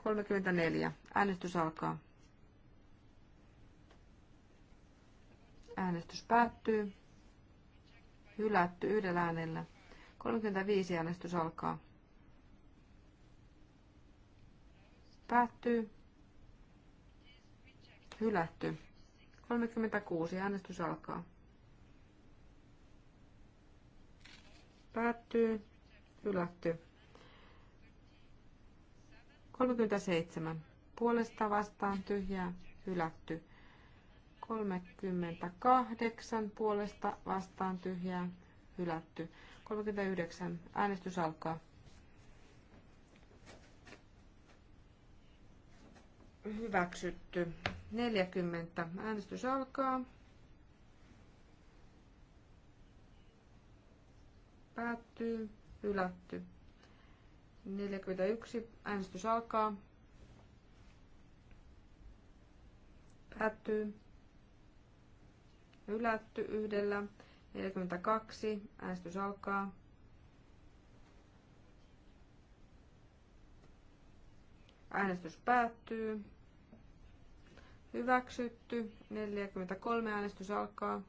A: Kolmekymmentäneljä. Äänestys alkaa. Äänestys päättyy. Hylätty yhdellä äänellä. 35 äänestys alkaa. Päättyy Hylätty. 36. Äänestys alkaa. Päättyy. Hylätty. 37. Puolesta vastaan tyhjää. Hylätty. 38. Puolesta vastaan tyhjää. Hylätty. 39. Äänestys alkaa. Hyväksytty. 40. Äänestys alkaa. Päättyy. Hylätty. 41. Äänestys alkaa. Päättyy. Hylätty yhdellä. 42. Äänestys alkaa. Äänestys päättyy. Hyväksytty. 43 äänestys alkaa.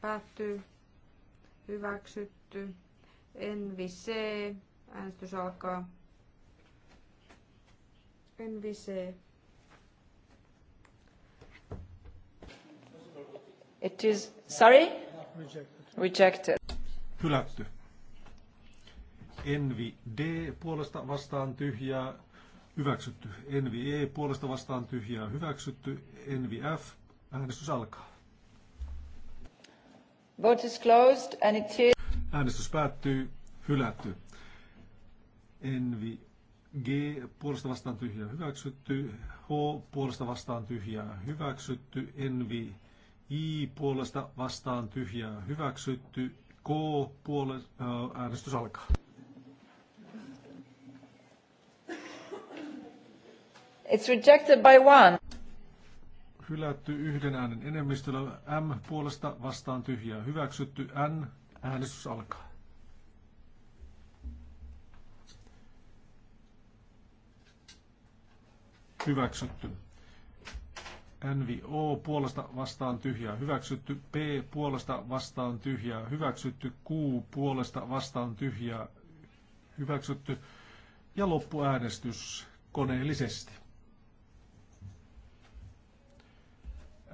A: Päättyy. Hyväksytty. Envi C. Äänestys alkaa. Envi C. It is, sorry? Rejected. Rejected.
B: Hylätty. Envi D puolesta vastaan tyhjää hyväksytty. Envi E puolesta vastaan tyhjää hyväksytty. Envi F äänestys alkaa.
A: Vote is closed and it is...
B: Äänestys päättyy hylätty. Envi G puolesta vastaan tyhjää hyväksytty. H puolesta vastaan tyhjää hyväksytty. Envi I puolesta vastaan tyhjää hyväksytty. K puolesta äänestys alkaa.
A: It's rejected by one.
B: Hylätty yhden äänen enemmistöllä. M puolesta vastaan tyhjää. Hyväksytty N. Äänestys alkaa. Hyväksytty. NVO puolesta vastaan tyhjää hyväksytty, P puolesta vastaan tyhjää hyväksytty, Q puolesta vastaan tyhjää hyväksytty ja loppuäänestys koneellisesti.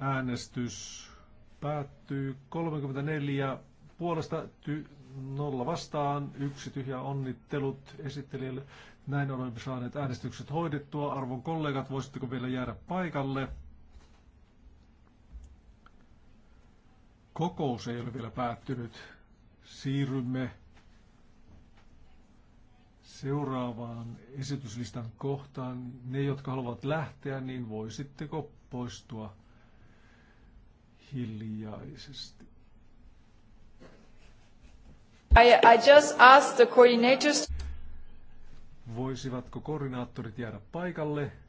B: Äänestys päättyy 34 puolesta ty- nolla vastaan, yksi tyhjä onnittelut esittelijälle. Näin olemme saaneet äänestykset hoidettua. Arvon kollegat, voisitteko vielä jäädä paikalle? Kokous ei ole vielä päättynyt. Siirrymme seuraavaan esityslistan kohtaan. Ne, jotka haluavat lähteä, niin voisitteko poistua hiljaisesti.
A: I, I just asked the coordinators.
B: Voisivatko koordinaattorit jäädä paikalle?